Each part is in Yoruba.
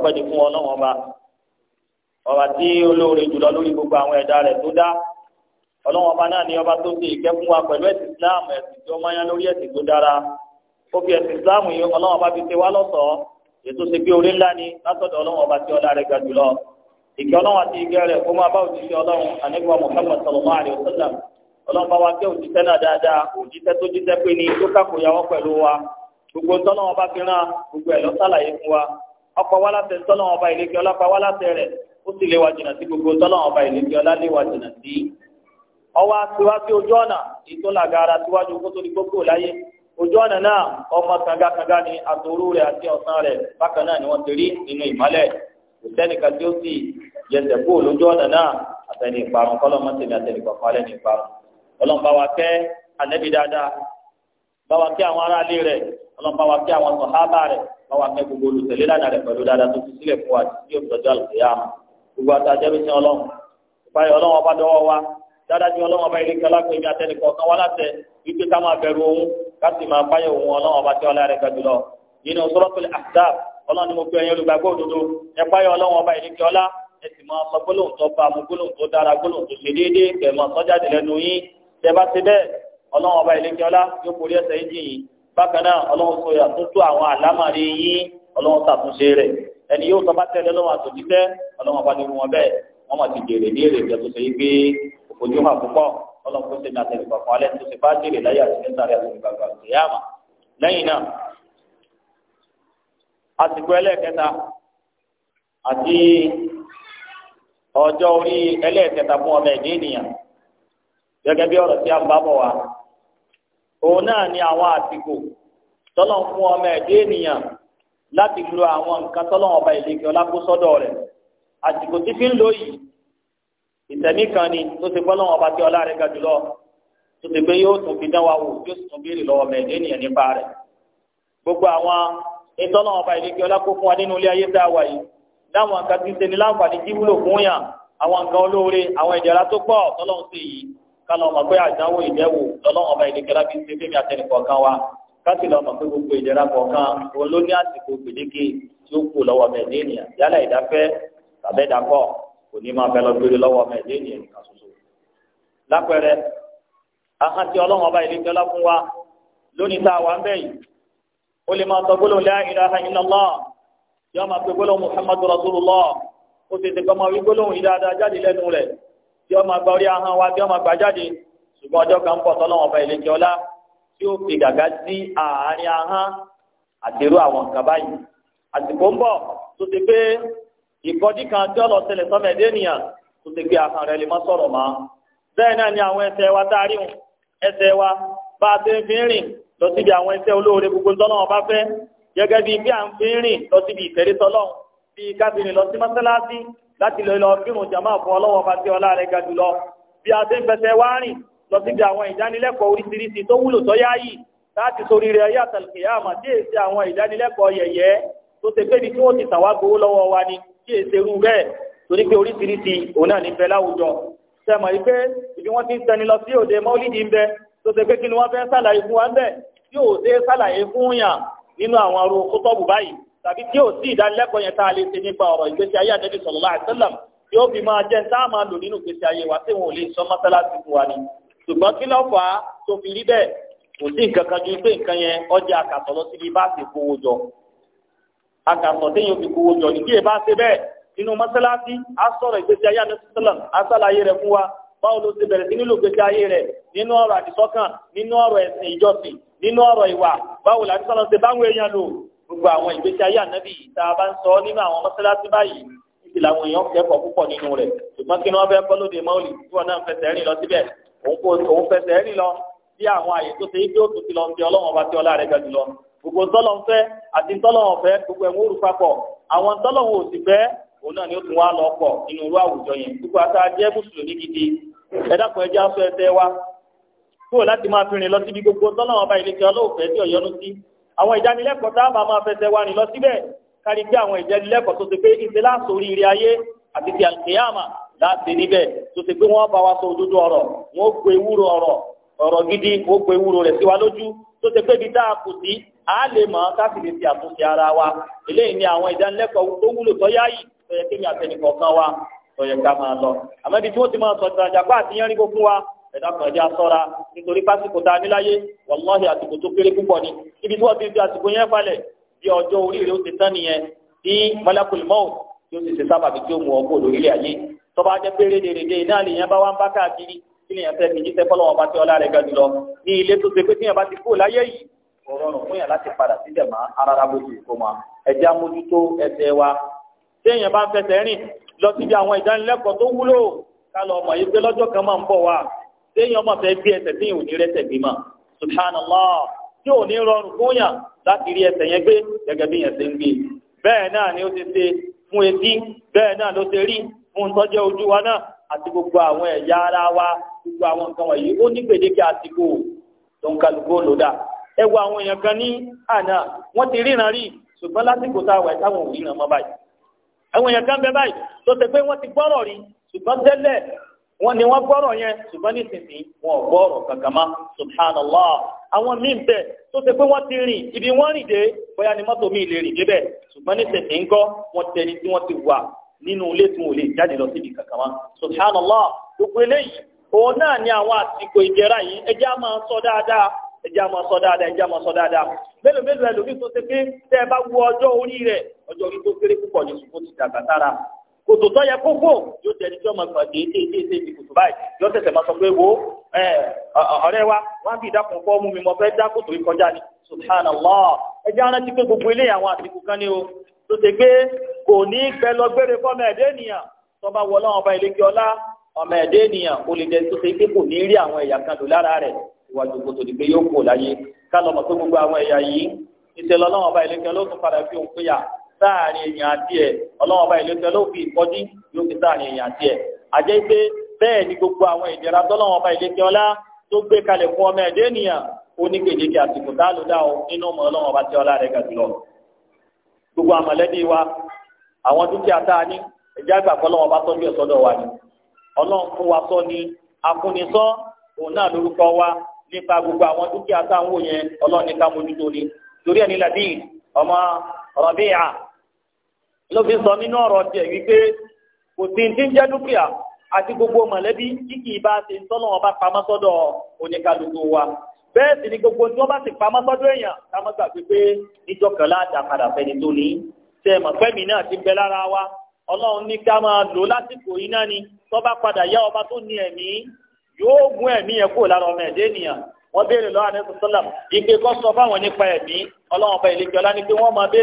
ọpẹ́ ni fún Ọlọ́run ọba ọba tí olóore jùlọ lórí gbogbo àwọn ẹ̀dá rẹ̀ tó dá Ọlọ́run ọba náà ni ọba tó ṣe ìkẹ́ fún wa pẹ̀lú ẹ̀sìn Islam ẹ̀sìn tí ó máa yan lórí ẹ̀sìn tó dára ó fi ẹ̀sìn Islam yìí Ọlọ́run ọba fi ṣe wá lọ́ṣọ̀ọ́ ètò ṣe pé orí ńlá ni látọ̀dọ̀ Ọlọ́run ọba tí ọlá rẹ̀ ga jùlọ ìkẹ́ Ọlọ́run àti ìkẹ́ rẹ̀ kó máa bá òjíṣẹ́ Ọlọ́run àníkùn Muhammad sallallahu alaihi wasallam Ọlọ́run bá wa kẹ́ òjíṣẹ́ náà dáadáa òjíṣẹ́ tó jíṣẹ́ pé ni tó kàkóyàwó ọ̀pọ̀ wá láti ẹ̀ tọ́lọ́wọ́n ọba ìlékè ọlá pa wá láti rẹ̀ ó sì léwà jìnnà sí gbogbo tọ́lọ́wọ́n ọba ìlékè ọlá léwà jìnnà sí. ọwọ́ àtiwájú ojú ọ̀nà ètò làgàrà tiwájú kó tó ní gbogbo láyé ojú ọ̀nà náà ọmọ kangakanga ni àtòrú rẹ̀ àti ọ̀sán rẹ̀ bákan náà ni wọ́n ti rí nínú ìmọ́lẹ̀ kò sẹ́nìkan tí ó sì yẹsẹ̀ kú lójú ọ̀nà náà àtẹni ìparun kọ́lọ́mọ tèmi àtẹni kọ̀ọ̀kan alẹ́ ní ìparun ọlọ́run bá wa kẹ́ ànẹ́bí dáadáa bá wa kẹ́ àwọn aráalé rẹ̀ ọlọ́run bá wa kẹ́ àwọn sọ̀hábà rẹ̀ káwa kẹ́ gbogbo olùtẹ̀lé lánàá rẹ̀ pẹ̀lú dáadáa tó fi sílẹ̀ fún wa tí yóò tọ́jú àlùkìyà gbogbo àtàjẹ́ bí sin ọlọ́run ìpayọ̀ ọlọ́run ọba dọ́wọ́ wa dáadáa ni ọlọ́run ọba ilé kẹlá pé mi àtẹnìkọ̀ kan wá látẹ̀ wípé ká máa bẹ̀rù òun ká sì máa páyọ̀ òun ọlọ́run ọba tí ọlá rẹ̀ ga jùlọ nínú Suratul Ahzab ọlọ́run ni mo pe ẹ̀yin olùgbàgbọ́ òdodo ẹ páyọ̀ ọlọ́run ọba ilé kẹlá ẹ sì máa sọ gbólóhùn tó bá mu gbólóhùn tó dára gbólóhùn tó ṣe déédéé bákan náà ọlọ́run sọ awọn àwọn àlámàrí yín ọlọ́run ṣàtúnṣe rẹ̀ ẹni yóò sọ bá tẹ̀lé lọ́wọ́ àtòjíṣẹ́ ọlọ́run bá nínú wọn bẹ́ẹ̀ wọ́n mọ̀ ti jèrè ní èrè ìjẹ́tò ṣe yí pé òfojú hàn púpọ̀ ọlọ́run kó sẹ́ni alẹ́ tó ṣe bá jèrè láyé àti àti ìgbàgbà lẹ́yìn náà àsìkò ẹlẹ́ẹ̀kẹta àti a ń bá bọ̀ òun náà ni àwọn àsìkò tọ́lọ̀ ń fún ọmọ ẹ̀dẹ́ ènìyàn láti lo àwọn nǹkan tọ́lọ̀ ọba ìlẹ́kẹ̀ ọlákósọ́dọ̀ rẹ̀ àsìkò tí fi ń lò yìí ìtẹ̀mí kan ni tó ti bọ́ lọ́wọ́ ọba tí ọlá rẹ̀ ga jùlọ tó ti gbé yóò tún fi dán wa wò yóò sì tún béèrè lọ́wọ́ ọmọ ẹ̀dẹ́ ènìyàn nípa rẹ̀ gbogbo àwọn ìtọ́lọ̀ ọba ìlẹ́kẹ̀ ọlákó fún wa nínú ilé ayé tá yìí láwọn nǹkan tí ń kálọ̀ ọmọ pé àdánwò ìdẹ́wò lọ́lọ́wọ́ ọba ìdíkẹ́lá fi ń ṣe fẹ́mi àtẹnìkọ̀ọ̀kan wa káàsì lọ mọ̀ pé gbogbo ìdẹ́ra kọ̀ọ̀kan òun ló ní àsìkò gbèdéke tí ó kù lọ́wọ́ mẹ́ẹ̀dẹ́ ènìyàn yálà ìdáfẹ́ tàbẹ́dàkọ̀ kò ní máa fẹ́ lọ gbére lọ́wọ́ mẹ́ẹ̀dẹ́ ènìyàn nìkan ṣoṣo. lápẹẹrẹ ahọ́n tí ọlọ́run ọba ìdíkẹ́lá fún wa lónìí tá tí ó máa gba orí ahọ́n wa tí ó máa gbà jáde ṣùgbọ́n ọjọ́ kan ń bọ̀ tọ́lọ́wọ́n ọba ìlẹ́jọ́ ọlá tí ó fi gàgá sí àárín ahọ́n àtẹrú àwọn nǹkan báyìí àsìkò ń bọ̀ tó ti pé ìkọjí kan tí ọlọ́ tẹlẹ̀ sọ́mẹ̀ dẹ́nìyàn tó ti pé ahọ́n rẹ̀ lè má sọ̀rọ̀ mọ́ bẹ́ẹ̀ náà ni àwọn ẹsẹ̀ wa tá a rí hun ẹsẹ̀ wa bá a ti fi ń rìn lọ síbi àwọn ẹsẹ̀ olóore gbogbo tọ́lọ́wọ́n bá fẹ́ gẹ́gẹ́ bíi bí à ń fi ń rìn lọ síbi ìtẹ̀rẹ́tọ́lọ́wọ́n bíi kábìnrin lọ sí mọ́sálásí láti lọ lọ kírun jàmáà fún ọlọ́wọ́ bá tí ọlá rẹ̀ ga jùlọ bí a ti ń fẹsẹ̀ wá rìn lọ síbi àwọn ìdánilẹ́kọ̀ọ́ oríṣiríṣi tó wúlò tó yáyì láti sórí rẹ̀ ayé àtàlùkìyà àmà tí èsì àwọn ìdánilẹ́kọ̀ọ́ yẹ̀yẹ́ tó ṣe pé ní kí wọ́n ti tàwa gbowó lọ́wọ́ wa ni kí èsì irú bẹ́ẹ̀ torí pé oríṣiríṣi òun náà ní bẹ láwùjọ sẹ́mọ̀ yìí pé ibi wọ́n ti ń tẹni lọ sí òde mọ́lídìí ń bẹ tó ṣe pé kí ni wọ́n fẹ́ sàlàyé fún wa ń bẹ̀ yóò ṣe sàlàyé fún yàn nínú àwọn arúgbó tọ́bù báyìí tàbí tí ó sí ìdánilẹ́kọ̀ọ́ yẹn tá a lè ṣe nípa ọ̀rọ̀ ìgbésí ayé ànábì sallallahu alaihi wasallam tí ó fi máa jẹ́ ń sáà máa lò nínú ìgbésí ayé wa tí wọn ò lè sọ mọ́sálásí fún wa ni ṣùgbọ́n kí ló fà á tó fi rí bẹ́ẹ̀ kò sí nǹkan kan ju pé nǹkan yẹn ọjà àkàtọ̀ lọ síbi bá ti kówó jọ àkàtọ̀ téèyàn fi kówó jọ ní kí ẹ bá ṣe bẹ́ẹ̀ nínú mọ́sálásí á sọ̀rọ̀ ìgbésí ayé ànábì sallam á sàlàyé rẹ̀ fún gbogbo àwọn ìgbésí ayé ànábì yìí tá a bá ń sọ nínú àwọn mọ́sálásí báyìí níbi làwọn èèyàn kẹ́kọ̀ọ́ púpọ̀ nínú rẹ̀ ṣùgbọ́n kí ni wọ́n fẹ́ kọ́ lóde mọ́ọ̀lì tí wọ́n náà ń fẹsẹ̀ rìn lọ síbẹ̀ òun fẹsẹ̀ rìn lọ sí àwọn àyè tó ṣe é pé ó tún ti lọ ń fi ọlọ́wọ́n bá ti ọlá rẹ̀ ga jùlọ gbogbo tọ́lọ̀ ń fẹ́ àti tọ́lọ̀ ń fẹ́ gbogbo ẹ̀wọ̀n òrùn papọ̀ àwọn tọ́lọ̀ ń òsì fẹ́ òun náà ni ó tún wá lọ pọ̀ nínú irú àwùjọ yẹn gbogbo ata jẹ́ mùsùlùmí gidi ẹ dákun ẹjẹ́ aṣọ ẹsẹ̀ wa kúrò láti máa fi rìn lọ síbi gbogbo tọ́lọ̀ ọba ìlẹ̀kẹ́ ọlọ́ọ̀fẹ́ tí ọ̀yọ́nú sí àwọn ìdánilẹ́kọ̀ọ́ tá a bá máa fẹsẹ̀ wa rìn lọ síbẹ̀ kárí pé àwọn ìdánilẹ́kọ̀ọ́ tó ṣe pé ìṣe láàṣọ oríire ayé àti ti àlùkìyàmà láti níbẹ̀ tó ṣe pé wọ́n bá wa sọ òdodo ọ̀rọ̀ wọ́n gbé ewúro ọ̀rọ̀ ọ̀rọ̀ gidi wọ́n gbé ewúro rẹ̀ sí wa lójú tó ṣe pé ibi tá a kù sí a lè mọ̀ ká sì lè fi àtúnṣe ara wa eléyìí ni àwọn ìdánilẹ́kọ̀ọ́ tó wúlò wa tó yẹ ká máa lọ àmọ́ ibi tí wọ́n ti máa ẹ̀dá kan ẹ̀dá sọ́ra nítorí pásítọ̀ tá a ní láyé wàláhì àsìkò tó kéré púpọ̀ ni ibi tí wọ́n ti fi àsìkò yẹn falẹ̀ bí ọjọ́ orí rẹ̀ ó ti tán nìyẹn bí malakul maut tí ó ti ṣe sábà bí tí ó mú ọkọ̀ lórílẹ̀ ayé tọ́ba jẹ́ pé rédèrèdè náà lèèyàn bá wá ń bá káàkiri kí lèèyàn fẹ́ fi jíṣẹ́ fọlọ́wọ́n bá tí ọlá rẹ̀ ga jùlọ ní ilé tó ṣe pé tíyẹn bá ti kú láyé yìí ọ̀rọ̀rùn fún wa téèyàn bá ń fẹsẹ̀ rìn lọ síbi àwọn ìdánilẹ́kọ̀ọ́ tó wúlò ká lọ mọ̀ yìí pé lọ́jọ́ kan máa ń bọ̀ wá téèyàn mọ̀ fẹ́ gbé ẹsẹ̀ téèyàn ò ní rẹ́sẹ̀ gbé mọ̀ subhanallah tí ò ní rọrùn fún yàn láti rí ẹsẹ̀ yẹn gbé gẹ́gẹ́ bí yẹn ṣe ń gbé bẹ́ẹ̀ náà ni ó ti ṣe fún etí bẹ́ẹ̀ náà ló ṣe rí fún tọ́jẹ́ ojú wa náà àti gbogbo àwọn ẹ̀yà ara wa gbogbo àwọn nǹkan wọ̀nyí ó ní gbèdéke àsìkò tó ń kálukú lòdà ẹ wo àwọn èèyàn kan ní àná wọ́n ti ríran rí ṣùgbọ́n lásìkò táwọn ẹ̀ táwọn ò mọ́ báyìí àwọn èèyàn kan bẹ báyìí tó ṣe pé wọ́n ti gbọ́rọ̀ rí ṣùgbọ́n tẹ́lẹ̀ wọ́n ní wọ́n gbọ́rọ̀ yẹn ṣùgbọ́n nísinsìnyí wọ́n gbọ́rọ̀ kankan mọ́ subhanallah àwọn míì bẹ tó ṣe pé wọ́n ti rìn ibi wọ́n rìn dé bóyá ni mọ́tò míì lè rìn débẹ̀ ṣùgbọ́n nísinsìnyí ń gọ tẹni tí wọ́n ti wà nínú ilé tí wọ́n lè jáde lọ síbi kankan mọ́ subhanallah gbogbo eléyìí òun náà ni àwọn àsìkò ìjẹra yìí ẹjẹ á máa sọ dáadáa ẹjẹ á máa sọ dáadáa ẹjẹ á máa sọ dáadáa mélòó mélòó ẹlòmíì tó ṣe pé tẹ ẹ bá wo ọjọ́ orí rẹ̀ ọjọ́ orí tó kéré púpọ̀ ní ṣùgbọ́n ti dàgbà sára kòtò tó yẹ kókó yóò tẹ̀lé tí ọmọ ìgbà déédé déédé ti kòtò báyìí yóò tẹ̀sẹ̀ máa sọ pé wo ọ̀rẹ́ wa wá bí ìdákun fọ́ọ̀mù mi mo fẹ́ dá kòtò yìí kọjá ni subhanallah ẹjẹ́ ara ti pé gbogbo ilé àwọn àsìkò kan ní o tó ṣe pé kò ní pẹ́ lọ gbére fọ́mọ ẹ̀dẹ́ ènìyàn tó bá wọlé àwọn ọba ìlékè ọlá ọmọ ẹ̀dẹ́ ènìyàn kò lè jẹ́ tó ṣe pé kò ní rí àwọn ẹ̀yà kan lò lára rẹ̀ ìwàjú kòtò ní pé yóò kò láyé ká lọ́mọ tó gbogbo àwọn ẹ̀yà yìí ìṣẹ̀lọ́lọ́wọ́n ọba ìlékè ọlọ́sùn padà fi òun péyà sáàrin èèyàn àti ẹ̀ ọlọ́wọ́n ọba ìlú tẹ́lẹ̀ òfin ìkọ́jú yóò fi sáàrin èèyàn àti ẹ̀ àjẹ́ pé bẹ́ẹ̀ ni gbogbo àwọn ìdẹ̀ra tọ́lọ́wọ́n ọba ìlú tẹ́ ọlá tó gbé kalẹ̀ fún ọmọ ẹ̀dẹ́ ènìyàn ó ní gbèdéke àsìkò tá a nínú ọmọ ọlọ́wọ́n ọba tẹ́ rẹ̀ ga jùlọ. gbogbo àmọ̀lẹ́bí wa àwọn dúkìá tá a ní ẹ̀já gbà fọlọ́wọ́n ọba tọ́jú ẹ̀ ni ọlọ́run fún wa sọ ni afúnisọ́ òun náà lórúkọ wa nípa gbogbo àwọn dúkìá táwọn yẹn ọlọ́run ni torí ẹ̀ ní ladíì ọmọ rọ̀bíà ló fi sọ nínú ọ̀rọ̀ tiẹ̀ wípé kò sí ti jẹ́ dúkìá àti gbogbo mọ̀lẹ́bí tí kì í bá ṣe ń wa bẹ́ẹ̀ sì ni gbogbo tí wọ́n bá ti pamọ́ sọ́dọ̀ èèyàn pé níjọ́ tó ní náà ti bẹ lára ọba tó ní ẹ̀mí yóò gún ẹ̀mí yẹn kúrò lára ọmọ ẹ̀dẹ́ ènìyàn wọ́n béèrè lọ́wọ́ sọ́lá ọba pé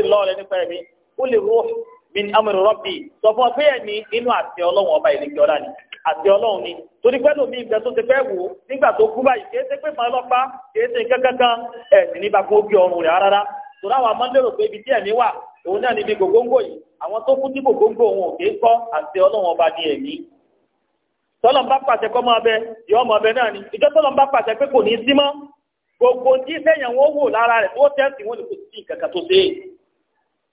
min amri rabbi sọ fún ọ pé ẹ̀mí ọba ìlẹ́kẹ́ ọ̀la ni àti ni torí pẹ́ lómi ìgbẹ́ tó ti fẹ́ wò nígbà tó kú báyìí kìí ṣe pé màá lọ́pàá kìí ṣe kankan ẹ̀sìn nípa kó bí ọrùn rẹ̀ rárá tó láwọn amọ́lérò pé ibi tí ẹ̀mí wà òun náà níbi gògóńgò yìí àwọn ọba ń bá pàṣẹ máa bẹ yọ ọmọ ọbẹ náà ni ìjọ ń bá pàṣẹ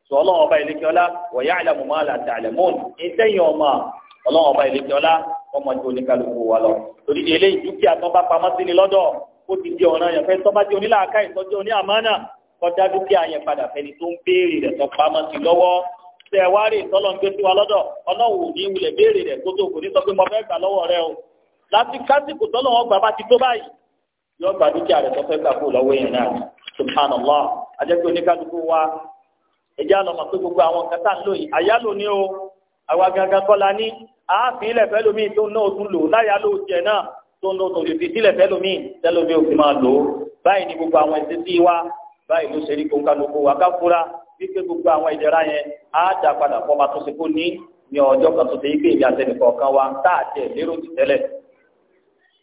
sọ ọlọ́run ọba ìlẹ́kẹ́ ọlá wa ya'lamu ma la ta'lamun ìtẹ̀yìn ọmọ ọlọ́run ọba ìlẹ́kẹ́ ọlá ọmọ tí oníkálukú wa lọ torí di eléyìí dúkìá tó bá pamọ́ sí ni lọ́dọ̀ ó ti di ọ̀ràn yẹn fẹ́ tó bá di onílàáká ìtọ́jú oní àmánà kọjá dúkìá yẹn padà fẹ́ni tó ń béèrè rẹ̀ tó pamọ́ sí lọ́wọ́ tẹ wá rè tọ́lọ̀ gbé sí wa lọ́dọ̀ ọlọ́run ò ẹjẹ́ àlọ́mọ̀ pé gbogbo àwọn nǹkan tá à ń lò yìí àyálò ni o àwa gangan kọ́la ní ààfin ilẹ̀ fẹ́ lómi tó náà tún lò láyálò jẹ náà tó ń lò tó lè fi sílẹ̀ fẹ́ lómi tẹ́lómi ò fi máa lò báyìí ni gbogbo àwọn ìṣesí wa báyìí ló ṣe rí kó ń kálukú wa ká fura wípé gbogbo àwọn ìdẹ̀ra yẹn á dà padà fọba tó ṣe kó ní ní ọjọ́ kan tó ṣe yí pé èmi àtẹnìkọ̀ kan wa tá à tiẹ̀ lérò ti tẹ́lẹ̀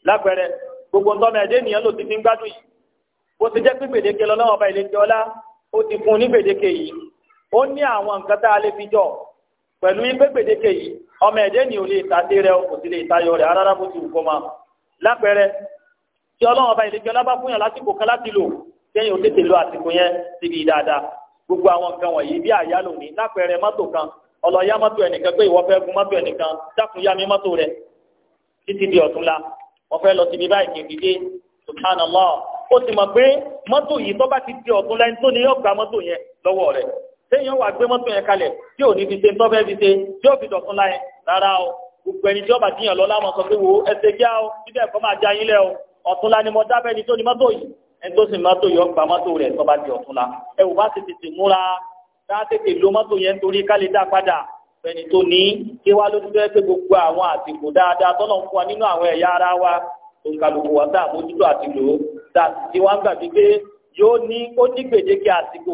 lápẹẹrẹ gbogbo ntọ́mọ ẹ̀dẹ́ ènìyàn ló ti fi ń gbádùn yìí bó ti jẹ́ pé gbèdéke lọ́wọ́ ọba ìlẹ́jọ́ ọlá ó ti fún un ní gbèdéke yìí ó ní àwọn nǹkan tá a lè fi jọ pẹ̀lú yín gbẹ́gbẹ́dẹ́kẹ yìí ọmọ ẹ̀dẹ́ ni ò lè ta sí rẹ kò si lè tayọ rẹ rárá bó ti wù kó ma lápẹẹrẹ tí ọlọ́run ọba ìlẹ́jọ́ lábá fún yàn lásìkò kan láti lò kéèyàn ò tètè lo àsìkò yẹn síbi dáadáa gbogbo àwọn nǹkan wọ̀nyí bí àyálò ní lápẹẹrẹ mọ́tò kan ọlọ́yá mọ́tò ẹnìkan pé ìwọ fẹ́ gun mọ́tò ẹnìkan mi mọ́tò rẹ títí di wọ́n fẹ́ lọ síbi báyìí kìí subhanallah ó ti mọ̀ pé mọ́tò yìí bá ti di yẹn lọ́wọ́ téèyàn wà gbé mọ́tò yẹn kalẹ̀ tí ò ní fi ṣe ń tọ́fẹ́ fi ṣe tí ò fi dọ̀tún láyẹn rárá o gbogbo ẹni tí ọba díyàn lọ láwọn sọ pé wo ẹsẹ̀ gíá o bíbẹ̀ ẹ̀kọ́ máa já yín lẹ́ o ọ̀túnla ni mo dábẹ́ ni tó ni mọ́tò yìí ẹni tó sì mọ́tò yọ gba mọ́tò rẹ̀ tọ́ba di ọ̀túnla ẹ wò bá ti tètè múra tá a tètè lo mọ́tò yẹn torí ká lè dá padà ẹni tó ní kí wá ló wa nínú àwọn ẹ̀yà wa òǹkàlùkù wa tá àmójútó àti lò ó tá a yóò ní ó ní gbèdéke àsìkò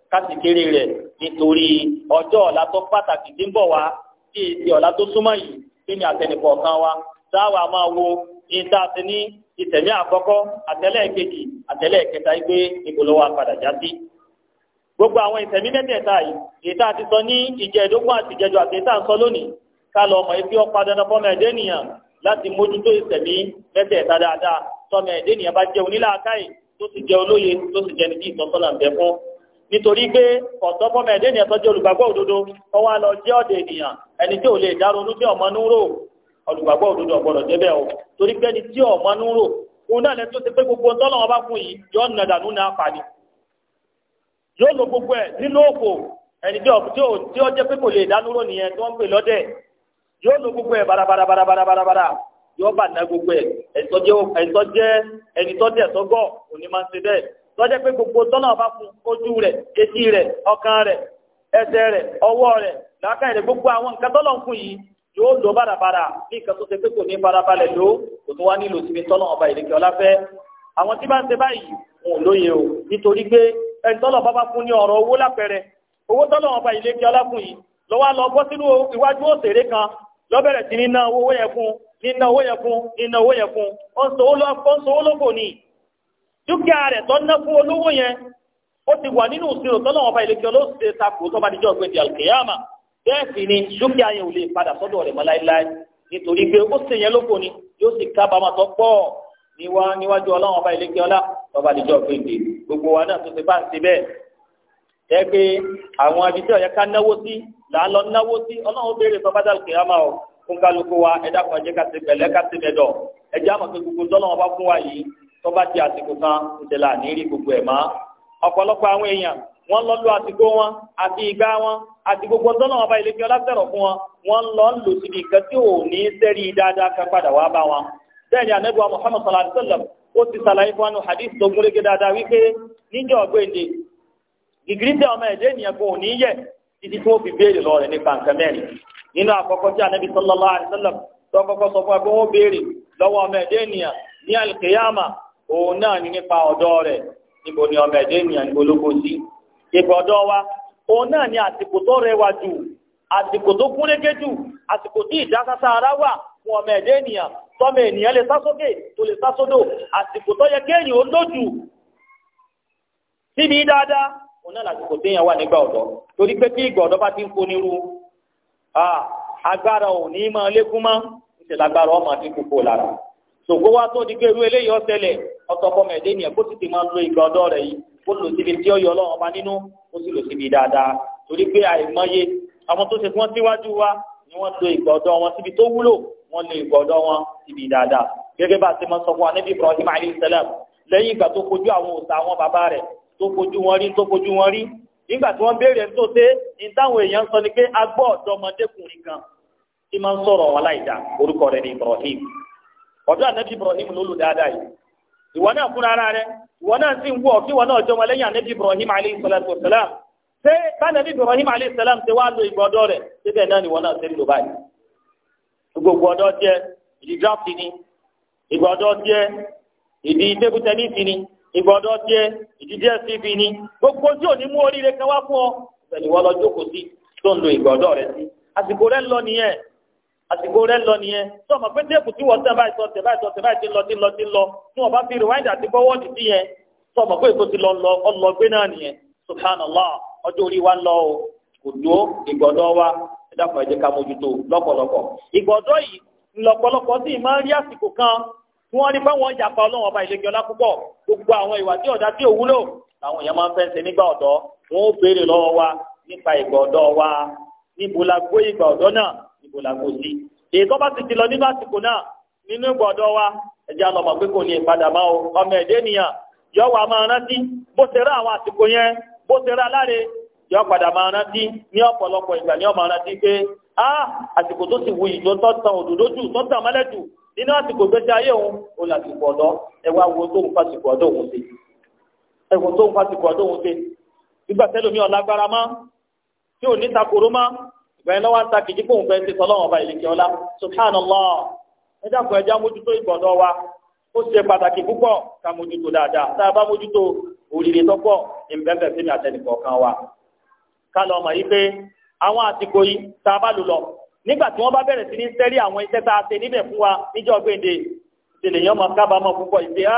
káti kéré rẹ̀ nítorí ọjọ́ ọ̀la tó pàtàkì tí ń bọ̀ wá tí èsì ọ̀la tó súnmọ́ yìí kí ni àtẹnìkọ̀ kan wa táwa máa wo ní tá a ti ní ìtẹ̀mí àkọ́kọ́ àtẹlẹ́ẹ̀kejì àtẹlẹ́ẹ̀kẹta yìí pé ìpolówó apàdà já sí. gbogbo àwọn ìtẹ̀mí mẹ́tẹ̀ẹ̀ta yìí èyí tá a ti sọ ní ìjẹ́ẹ̀dógún àti ìjẹ́jọ àti èyí tá a sọ lónìí ká lọ mọ̀ ibi ọ̀pá dandan fọ́mọ ẹ̀dẹ́ ènìyàn láti mójútó ìtẹ̀mí mẹ́tẹ̀ẹ̀ta dáadáa tọ́mọ ẹ̀dẹ́ ènìyàn bá jẹ́ onílàákàyè tó sì jẹ́ olóye tó sì jẹ́ ní ìtọ́sọ́nà ń fún nítorí pé ọ̀sọ́fọ́mọ ẹ̀dẹ́ ènìyàn tọ́jú olùgbàgbọ́ òdodo ọwọ́ lọ jẹ́ ọ̀dẹ̀ ènìyàn ẹni tí ò lè dá ronú tí ọmọ núrò olùgbàgbọ́ òdodo débẹ̀ o torí pé ẹni tí ọmọ núrò òun náà lẹ́tọ́ ti pé gbogbo ń tọ́lọ́ bá fún yìí yọ ọ̀nà dànù náà pàdé yóò lo gbogbo ẹ̀ nínú òkò ẹni tí ó jẹ́ pé kò lè nìyẹn tí wọ́n ń pè lọ́dẹ̀ tọ́jẹ́ pé gbogbo tọ́nà bá fún ojú rẹ̀ etí rẹ̀ ọkàn rẹ̀ ẹsẹ̀ rẹ̀ ọwọ́ rẹ̀ làákàyè rẹ̀ gbogbo àwọn nǹkan tọ́lọ̀ ń fún yìí yóò lò bàràbàrà ní nǹkan tó ṣe pé kò ní farabalẹ̀ ló kò tó wá nílò síbi tọ́nà ọba ìrèké ọláfẹ́ àwọn tí bá ń ṣe báyìí wọn ò lóye o nítorí pé ẹni tọ́lọ̀ bá bá fún ní ọ̀rọ̀ owó lápẹẹrẹ owó tọ́lọ̀ ọba ìrèké ọláfún yìí lọ́wọ́ lọ bọ́ sínú iwájú òṣèré kan lọ́bẹ̀rẹ̀ sí ní ná owó yẹn fún ní ná owó yẹn fún ní ná owó yẹn fún ó ń sọ owó lóko ni dúkìá rẹ̀ tó ná fún olówó yẹn ó ti wà nínú ìṣirò tọ́lọ́ ọba ìlẹ́kẹ́ olóṣèlú takò tó bá dijọ́ pé di alkiyama bẹ́ẹ̀ sì ni dúkìá yẹn ò lè padà sọ́dọ̀ rẹ̀ mọ́ láéláé nítorí pé ó sì yẹn lóko ni yóò sì kábàámọ̀ tó pọ̀ níwájú ọlọ́run ọba ìlẹ́kẹ́ ọlá tó bá dijọ́ pé di gbogbo wa náà tó ti bá ń ti bẹ́ẹ̀ jẹ́ pé àwọn abidjan yẹn ká náwó sí là ń lọ náwó sí ọlọ́run béèrè tó bá dàlùkì yá o fún kálukú wa ẹ dákun ẹ jẹ́ ká ti bẹ̀lẹ́ ká ti bẹ̀dọ̀ ẹ jẹ́ àmọ̀ pé tọ́ba ti àsìkò kan ìṣẹ̀lẹ̀ àníírí gbogbo ẹ̀ mọ́ ọ̀pọ̀lọpọ̀ àwọn èèyàn wọ́n lọ lo àsìkò wọn àti ìgbà wọn àti gbogbo ọba ilé fi ọlásẹ̀rọ̀ fún wọn wọn lọ ń lò síbi nǹkan tí ò ní sẹ́rí dáadáa kan padà wá bá wọn alayhi wa sallam ó ti fún wa hadith tó gúnrégé dáadáa wípé ọmọ ènìyàn kò ní yẹ títí anabi salallahu alayhi wa sallam òun náà ni nípa ọ̀dọ́ rẹ̀ níbo ni ọmọ ẹ̀dẹ́ ènìyàn níbo ló kó sí ìgbà ọ̀dọ́ wa òun náà ni àsìkò tó rẹwà jù àsìkò tó kún jù àsìkò tí ìdásásá ara wà fún ọmọ ẹ̀dẹ́ ènìyàn tọ́mọ ènìyàn lè sásókè tó lè sásódò àsìkò tó yẹ kéèyàn ó lójú síbi dáadáa òun náà làsìkò téèyàn wà nígbà ọ̀dọ́ sòkó wa tó di kéru eléyìí ọ̀sẹ̀lẹ̀ ọ̀tọ̀kọ̀mọ̀ ẹ̀dẹ́ nìyẹn kó sì ti máa lo ìgbà ọ̀dọ́ rẹ̀ yìí kó lò síbi tí ó yọ ọlọ́run ọba nínú kó sì lò síbi dáadáa torí pé àìmọye àwọn tó ṣe fún síwájú wa ni wọ́n lo ìgbà ọ̀dọ́ wọn síbi tó wúlò wọ́n lo ìgbà ọ̀dọ́ wọn síbi dáadáa gẹ́gẹ́ bá a ti máa sọ fún anábì Ibrahim alayhi salam lẹ́yìn ìgbà tó fojú àwọn òòṣà àwọn bàbá rẹ̀ tó fojú wọn rí tó fojú wọn rí nígbà tí wọ́n béèrè tó ṣe ní táwọn èèyàn sọ ni pé agbọ́ ọ̀dọ́mọdékùnrin kan tí máa ń sọ̀rọ̀ wọn láìda orúkọ rẹ̀ ní Ibrahim ọ̀dọ̀ ànábì Ibrahim ló lò dáadáa yìí ìwọ náà fúnra ara rẹ ìwọ náà sì ń wọ kí ìwọ náà jọmọ lẹ́yìn ànábì Ibrahim alayhi salatu wa salam ṣé bánàbí Ibrahim alayhi salam ṣe wá lo ìgbọ̀dọ̀ rẹ síbẹ̀ náà ni ìwọ náà ṣe ń lò báyìí gbogbo ọ̀dọ̀ tiẹ̀ ìdí draft ni ìgbọ̀dọ̀ tiẹ̀ ìdí table tennis ni ìgbọ̀dọ̀ tiẹ̀ ìdí DSTV ni gbogbo tí ò ní mú oríire kan wá fún ọ ìgbọ̀dọ̀ lọ jókòó sí tó ń lo ìgbọ̀dọ̀ rẹ sí àsìkò rẹ ń lọ nìyẹn àsìkò rẹ lọ nìyẹn tó ọmọ pé téèpù tí wọ́n tẹ̀ báyìí tọ́ tẹ̀ báyìí tọ́ tẹ̀ báyìí ti lọ ti lọ ti lọ tí wọ́n bá fi rewind àti gbọ́wọ́ dìdí yẹn tó ọmọ pé èso ti lọ lọ ọlọ gbé náà nìyẹn subhanallah ọjọ́ orí wa lọ o kò tó ìgbọ̀dọ̀ wa ẹ dákun ẹ jẹ́ ká mójútó lọ́pọ̀lọpọ̀ ìgbọ̀dọ̀ yìí ńlọ́pọ̀lọpọ̀ sì máa ń rí àsìkò kan tí wọ́n rí báwọn ìjàpá ọlọ́run ọba ìlẹ́gẹ̀ ọlá púpọ̀ gbogbo àwọn ìwà tí ọ̀dà tí ò làwọn èèyàn máa ń fẹ́ǹsẹ̀ nígbà ọ̀dọ́ wọn ó béèrè lọ́wọ́ wa nípa ìgbà ọ̀dọ́ wa níbo la gbé ìgbà ọ̀dọ́ náà níbo la kò sí. èyí tó bá ti ti lọ nínú àsìkò náà nínú ìgbọ̀dọ̀ wa ẹ̀jẹ̀ àlọ́mọ̀ pé kò ní ìpadà máa o ọmọ ẹ̀dẹ́ nìyàn yọ wà máa rántí bó ṣe rá àwọn àsìkò yẹn bó ṣe rá láre yọ padà máa rántí ní ọ̀pọ̀lọpọ̀ ìgbà ní ọmọ rántí pé a àsìkò tó ti wu ìjọ tọ́tàn òdòdó jù tọ́tàn mọ́lẹ̀ jù nínú àsìkò gbèsè ayé òun ò lásìkò ọ̀dọ́ ẹ wá wo tó ń fásìkò ọ̀dọ́ òun ṣe ẹ wo tó ń fásìkò ọ̀dọ́ òun ṣe nígbà tẹ́lómi ọ̀lágbára mọ́ tí ò ní takoro mọ́ ìbẹ̀rẹ̀ lọ́wọ́ ń ta kìjì fóun fẹ́ ṣe sọlọ́wọ́n ọba ìlẹ̀kẹ́ ọlá subhanallah ẹ dákun ẹja mójútó ìgbọ̀dọ̀ wa ó ṣe pàtàkì púpọ̀ ká mójútó dáadáa tá a bá mójútó òrìrì tọ́pọ̀ ìbẹ̀bẹ̀ sí mi àtẹnìkọ̀ọ̀kan wa ká lọ mọ̀ yí pé àwọn àsìkò yìí tá a bá lò lọ nígbà tí wọ́n bá bẹ̀rẹ̀ sí ní sẹ́rí àwọn iṣẹ́ tá a ṣe níbẹ̀ fún wa níjọ́ gbèǹde ìṣẹ̀lẹ̀ yẹn mọ̀ kábàámọ̀ púpọ̀ ìṣe á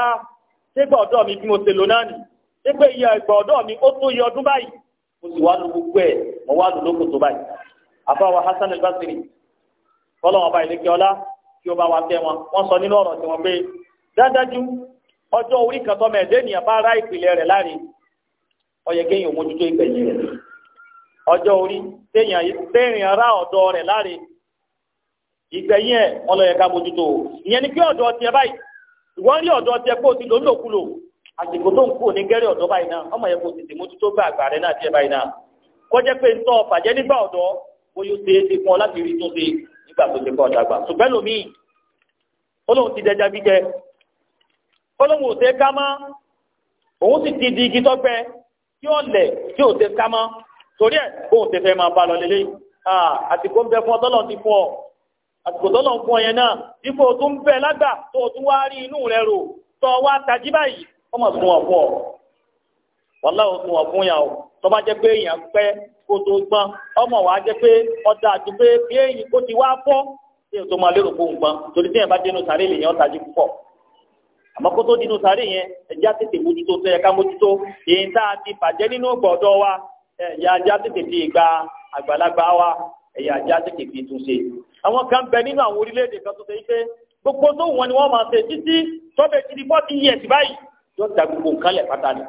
ṣégbà ọ̀dọ́ mi bí mo ṣe lò náà nì ṣégbà ìyá ẹ̀gbà ọ̀dọ́ mi ó tó àbáwọ hasan al-basri fọlọ́wọn ọba ìlú kíọ́lá kí ó bá wa tẹ́ wọn wọ́n sọ nínú ọ̀rọ̀ tí wọ́n pé dájájú ọjọ́ orí kan tọ́mọ ẹ̀dẹ́ ènìyàn bá ìpìlẹ̀ rẹ̀ láre ọyẹ kéèyàn mójútó ìgbẹ̀yìn rẹ̀ ọjọ́ orí téèyàn téèyàn ra ọ̀dọ́ rẹ̀ láre ìgbẹ̀yìn ẹ̀ wọ́n lọ yẹ ká mójútó ìyẹn o ti àsìkò tó ń kú gẹ́rẹ́ ọ̀dọ́ báyìí náà ọmọ tètè mójútó gbà àgbà bóyá ó ṣe é ṣe fún ọ láti rí tó ṣe nígbà tó ṣe kọ́ ọ̀dàgbà ṣùgbọ́n lómi olóhùn ti dẹja gbígbẹ olóhùn ò ṣe é ká mọ́ òun sì ti di igi tọ́gbẹ́ tí ó lẹ̀ tí ò ṣe ká mọ́ torí ẹ̀ bóun ṣe fẹ́ máa bá lọ lélẹ́yìí àsìkò ń bẹ fún ọ tọ́lọ̀ ti fún ọ àsìkò tọ́lọ̀ ń fún ọ yẹn náà ipò tó ń bẹ lágbà tó o tún wá rí inú rẹ rò tó o wá tají báyìí ọmọ sun ọ fún ọ wàlá o sun ọ fún yà o tó bá jẹ́ pé èèyàn pẹ́ kó tó gbọ́n ọmọ wa jẹ́ pé ọjà àti pé bí èyí kó ti wá fọ́ tí o tó máa lérò fún gbọ́n torí tí yẹn bá dénú sàárè lè yẹn ọ̀tá jí púpọ̀ àmọ́ kó tó dénú sàárè yẹn ẹ̀já tètè mójútó tó yẹ ká mójútó èyí tá a ti bàjẹ́ nínú gbọ̀dọ̀ wa ẹ̀yà ajá tètè fi gba àgbàlagbà wa ẹ̀yà ajá tètè fi tún ṣe àwọn kan bẹ nínú àwọn orílẹ̀-èdè kan tó ṣe pé gbogbo tó wọn ni wọ́n máa ṣe títí tọ́bẹ̀ ti di fọ́ọ̀tì yẹ̀ sí báyìí yóò ta gbogbo nǹkan lẹ̀ pátá ni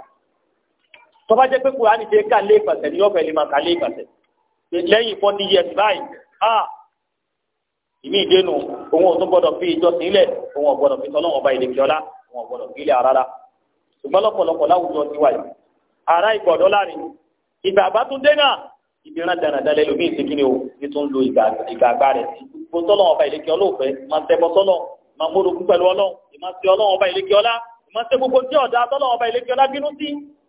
tọ́ba jẹ́ pé kùránì ṣe kà lé ìpàṣẹ ní ọ̀fẹ́ lè máa kà lé ìpàṣẹ lẹ́yìn forty years báyìí ah ìmí ìdénu òun ò tún gbọ́dọ̀ fi ìjọsìn ilẹ̀ òun ò gbọ́dọ̀ fi tọ́lọ́wọ́n ọba ìlẹ̀ kíọ́lá òun ò gbọ́dọ̀ fi ilẹ̀ ara rà ṣùgbọ́n lọ́pọ̀lọpọ̀ láwùjọ ti wáyé ara ìgbọ̀dọ̀ láàrin ìgbàgbá tún dé náà ìbíran dandan lẹ́lòmíì ti kí ni o ní tún lo ìgbàgbá rẹ̀ gbogbo tọ́lọ́wọ́n ọba ìlẹ̀ kíọ́lá òfẹ́ máa ń tẹ́bọ́ tọ́lọ́ máa mórogún pẹ̀lú ọlọ́run ìmọ̀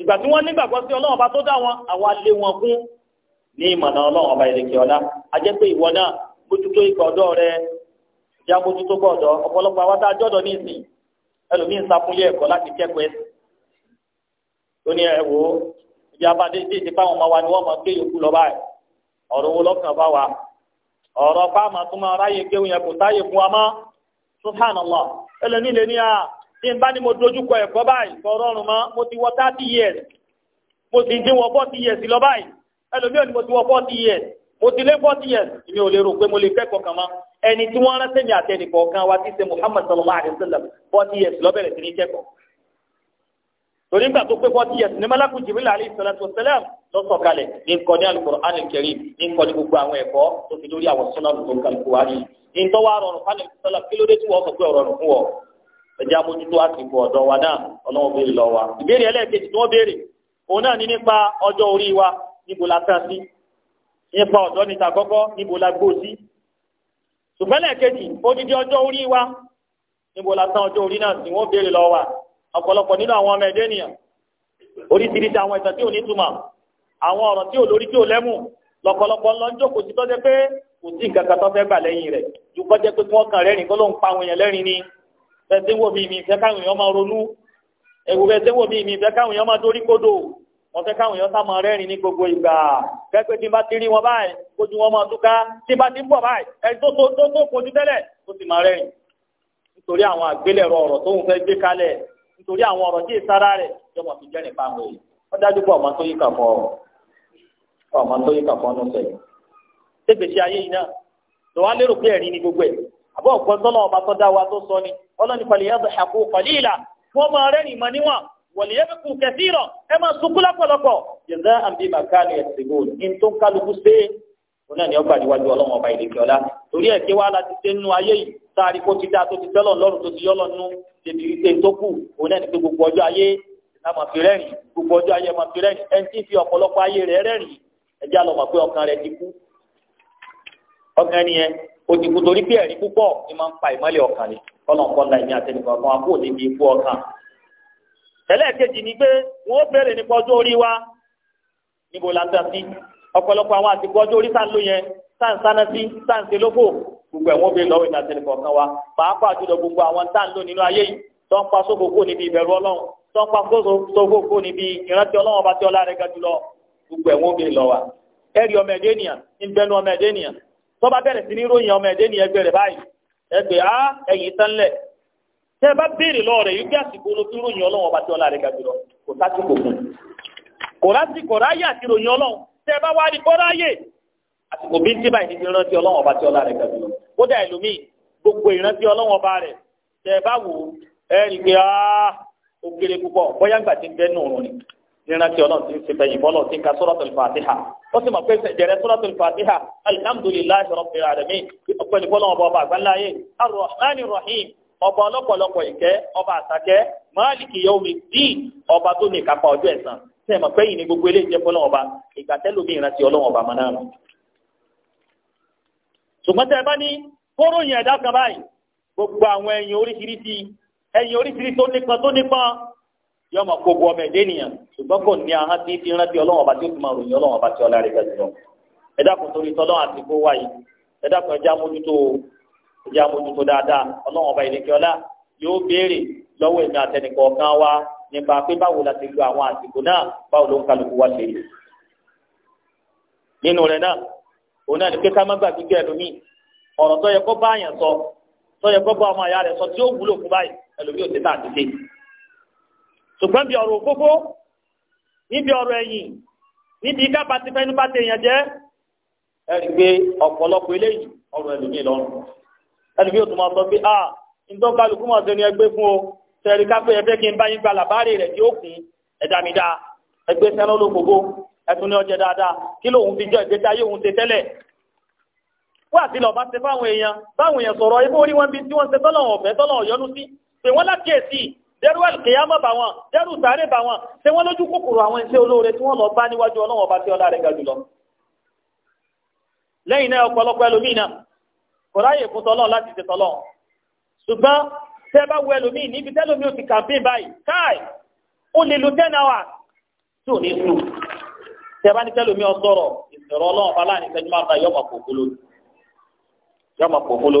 ìgbà tí wọn nígbàgbọ́ sí ọlọ́run ọba tó dá wọn àwa lé wọn kún ní ìmọ̀nà ọba ìrèké ọlá a jẹ́ pé ìwọ náà mójútó ikọ̀ ọ̀dọ́ rẹ já mójútó gbọ́dọ̀ ọ̀pọ̀lọpọ̀ tá a jọ́dọ̀ ní ìsìn ẹlòmíì ń sapúlé ẹ̀kọ́ láti kẹ́kọ̀ọ́ tó ní ẹ̀wò ìdí abadé tí ọmọ wa ni wọ́n mọ gbé yòókù lọ báyìí ọ̀rọ̀ wo lọ́kàn bá wa ọ̀rọ̀ fáàmà tó ráyè kéwìn ẹ̀kọ́ táyè fún wa mọ́ lè ní à tí n bá ní mo dojúkọ ẹ̀kọ́ báyìí kò rọrùn mọ́ mo ti wọ thirty years mo sì ti wọ forty years lọ báyìí ẹlòmíràn ni mo ti wọ forty years mo ti lé forty years mi ò lè rò pé mo lè kẹ́kọ̀ọ́ kan mọ́ ẹni tí wọ́n rántí mi àtẹnì kọ̀ọ̀kan wa ti ṣe Muhammad sallallahu alayhi wa sallam forty years lọ́bẹ̀rẹ̀ sí ní kẹ́kọ̀ọ́ torí gbà tó pé forty years ní malakú jibril alayhi salatu wa salam lọ́sọ̀kalẹ̀ ní nǹkan ní al-Qur'an al-Karim ní nǹkan ní gbogbo àwọn ẹjẹ amójútó àsìkò ọ̀dọ́ wa náà ọlọ́wọ́ béèrè lọ wa ìbéèrè ẹlẹ́ẹ̀kejì tí wọ́n béèrè òun náà ní nípa ọjọ́ orí wa níbo la tán sí nípa ọ̀dọ́ níta kọ́kọ́ níbo la gbó sí ṣùgbọ́n ẹlẹ́ẹ̀kejì odidi ọjọ́ orí wa níbo la tán ọjọ́ orí náà sí wọ́n béèrè lọ wa ọ̀pọ̀lọpọ̀ nínú àwọn ọmọ ẹ̀dẹ́ ènìyàn oríṣiríṣi àwọn ìtàn tí ò ní túmọ̀ àwọn ọ̀rọ̀ tí ò lórí tí ò lẹ́mù lọ́pọ̀lọpọ̀ lọ ń jókòó sí tọ́jẹ́ pé kò sí nǹkan kan tó fẹ́ gbà lẹ́yìn rẹ̀ ju kọ́jẹ́ pé kí wọ́n kàn rẹ́rìn kó ló pa àwọn èèyàn lẹ́rìn ni bẹ́ẹ̀ wò mí mi fẹ́ káwọn èèyàn máa ronú ẹ̀wù bẹ́ẹ̀ wò mí mi fẹ́ káwọn èèyàn máa dorí kodò wọ́n fẹ́ káwọn èèyàn sá máa rẹ́rìn ní gbogbo ìgbà fẹ́pẹ́ tí n bá ti rí wọn báyìí kojú wọn máa túká tí n bá ti ń bọ̀ báyìí ẹni tó tó tó tó kojú tẹ́lẹ̀ tó sì máa rẹ́rìn nítorí àwọn àgbélẹ̀rọ ọ̀rọ̀ tó ń fẹ́ gbé kalẹ̀ nítorí àwọn ọ̀rọ̀ tí ìsara rẹ̀ jọmọ̀ fi jẹ́rìn pa àwọn èèyàn wọ́n dájú pé ọmọ tó yí kà ọmọ tó yí kà ọdún sẹ́yìn tẹ́gbẹ̀ṣẹ́ ayé yìí náà lọ́wọ́ lérò pé ẹ̀rín ni gbogbo ẹ̀ àbọ̀ ọ̀gbọ́n tọ́lọ́ ọba tó dá wa tó sọ ni ọlọ́ni pàlìyàbọ̀ ṣàkó pàlìlà wọ́n máa rẹ́rìn mọ́ níwọ̀n wọ̀lìyàbẹ̀kù kẹsìrọ̀ ẹ máa sunkún lọ́pọ̀lọpọ̀ jẹ̀dá àbí màkàlì ẹ̀sìgbò ní tó ń kálukú sí òun náà ni ọgbà níwájú ọlọ́wọ́n ọba ìlẹ̀kẹ́ ọlá torí ẹ̀ kí wá láti ṣe nínú ayé yìí sáàrí kó ti dá tó ti tẹ́lọ̀ lọ́rùn tó ti yọ́lọ̀ nínú tètè ìṣe tó kù òun ni pé gbogbo ọjọ́ ayé àmọ̀ fi rẹ́rìn gbogbo ọjọ́ ayé àmọ̀ fi rẹ́rìn ẹni tí fi ọ̀pọ̀lọpọ̀ ayé rẹ̀ rẹ́rìn ẹjẹ́ àlọ́ mọ̀ pé ọkàn rẹ̀ ti kú ọkàn ẹni yẹn ó ti kú torí pé ẹ̀rí púpọ̀ ni máa ń pa ìmọ́lẹ̀ ọkàn rẹ̀ kọlọ̀kọlọ̀ ẹ̀mí àtẹnukọ̀ fún wa kó níbi ikú ọkàn. ẹlẹ́ẹ̀kejì ni pé wọ́n bẹ̀rẹ̀ nípa ọjọ́ orí wa níbo la ta sí ọ̀pọ̀lọpọ̀ àwọn àsìkò ọjọ́ orí sáà ló yẹn sáà ń sáná sí sáà ń ṣe lófò gbogbo ẹ̀wọ̀n bẹ̀rẹ̀ lọ́wọ́ ẹ̀mí àtẹnukọ̀ kan wa pàápàá jùlọ gbogbo àwọn tá à ń lò nínú ayé yìí tó ń pa sófo kó níbi ìbẹ̀rù ọlọ́run tó ń pa sófo kó níbi ìrántí ọlọ́run ọba tí ọlá rẹ̀ ga jùlọ gbogbo ẹ̀wọ̀n bẹ̀rẹ̀ lọ wa ẹ̀rí ọmọ ẹ̀dẹ́ ènìyàn ń bẹnu ọmọ ẹgbẹ́ á ẹ̀yìn tánlẹ̀ tẹ́ ẹ bá béèrè lọ́wọ́ rẹ̀ yóò bí àsìkò olófin ròyìn ọlọ́run ọba tí ọlá rẹ̀ ga jùlọ kò sásìkò fún kò lásìkò ráyè àti ròyìn ọlọ́run tẹ́ ẹ bá wá rí kó ráyè àsìkò bí tí báyìí ti rántí ọlọ́run ọba tí ọlá rẹ̀ ga jùlọ kódà ẹlòmíì gbogbo ìrántí ọlọ́run ọba rẹ̀ tẹ́ bá wò ẹ rí pé á ó kéré púpọ̀ bóyá gbà ti ń bẹ́ nù rùn ìrántí ọlọ́run ti ń ṣe bẹ́yìn bọ́lọ̀ ti ń ka suratul Fatiha ó sì mọ̀ pé jẹ̀rẹ̀ suratul fatiha alhamdulillahi rabbil alamin ọ̀pọ̀ ìfọ́lọ́ ọba ọba àgbáláyé arrahmanir rahim ọba ọlọ́pọ̀lọpọ̀ ìkẹ́ ọba àtàkẹ́ máàlìkì ọba tó ní ìkápá ọjọ́ ẹ̀san sẹ́ẹ̀ mọ̀ pé yìí gbogbo eléyìí jẹ́ ọba ìgbà ìrántí ọlọ́wọ́ ọba náà. ṣùgbọ́n tẹ́ ẹ bá ní yẹn ẹ̀dá kan báyìí gbogbo àwọn ẹ̀yìn oríṣiríṣi ẹ̀yìn oríṣiríṣi tó nípọn tó nípọn yóò máa kó bu ọmọ ẹ̀dẹ́ nìyàn ṣùgbọ́n kò ní ahọ́n tí fi rántí ọlọ́wọ́n ọba tí ó fi máa ròyìn ọlọ́wọ́n ọba tí ọlá rẹ̀ ga jùlọ ẹ dákun torí tọ́lọ́ àti kó wáyé ẹ dákun ẹja mójútó ẹja mójútó dáadáa ọlọ́wọ́n ọba ìlẹ́kẹ́ ọlá yóò béèrè lọ́wọ́ èmi àtẹnìkọ̀ọ̀kan wa nípa pé báwo la ti lo àwọn àsìkò náà báwo ló ń kálukú wá ṣe rí nínú rẹ̀ náà òun náà ní pé ká má gbàgbé bí ẹlòmíì ọ̀rọ̀ tó yẹ kó bá àyàn sọ tó yẹ kó bá ọmọ àyà rẹ̀ sọ tí ó wúlò fún báyìí ẹlòmíì ò ti tà àti ṣùgbọ́n bí ọ̀rọ̀ òfófó níbi ọ̀rọ̀ ẹ̀yìn níbi kápá ti fẹ́nu bá tèèyàn jẹ́ ẹ̀rí pé ọ̀pọ̀lọpọ̀ eléyìí ọ̀rọ̀ ẹ̀lùmí lọ́rùn ẹ̀rí pé òtún máa sọ pé ah nítorí kálukú mọ̀ sí ni ẹgbẹ́ fún o sẹ́rí kápẹ́ ẹgbẹ́ kí n bá yín gba làbárè rẹ̀ tí ó kún ẹ̀dá mi dáa ẹgbẹ́ sẹ́lọ́ ló gbogbo ẹ̀tún ní ọjẹ́ dáadáa kí lóun fi jọ ìgbésí ayé òun ṣe tẹ́lẹ̀ wá sí lọ bá ṣe fáwọn èèyàn fáwọn èèyàn sọ̀rọ̀ ibó orí wọn bí tí wọ́n ṣe tọ́lọ̀ ọ̀fẹ́ tọ́lọ̀ ọ̀yọ́nú sí pé wọ́n lákèésí dẹ́rù àlùkìyàmọ̀ bà wọn dẹ́rù sàárè bà wọn ṣé wọ́n lójú kòkòrò àwọn iṣẹ́ olóore tí wọ́n lọ bá níwájú ọlọ́wọ́n ọba tí ọlá rẹ̀ ga jùlọ. lẹ́yìn náà ọ̀pọ̀lọpọ̀ ẹlòmíì náà kò ráyè fún tọ́lọ́ láti ṣe tọ́lọ́ ṣùgbọ́n tẹ́ bá wo ẹlòmíì níbi tẹ́lòmíì ò ti campaign báyìí káì ó lè lo ten hours tí ò ní sùn tẹ́ bá ní tẹ́lòmíì ọ sọ̀rọ̀ ìṣòro ọlọ́run ọba láàrin ìṣẹ́jú máa ta yọmọ pòpolo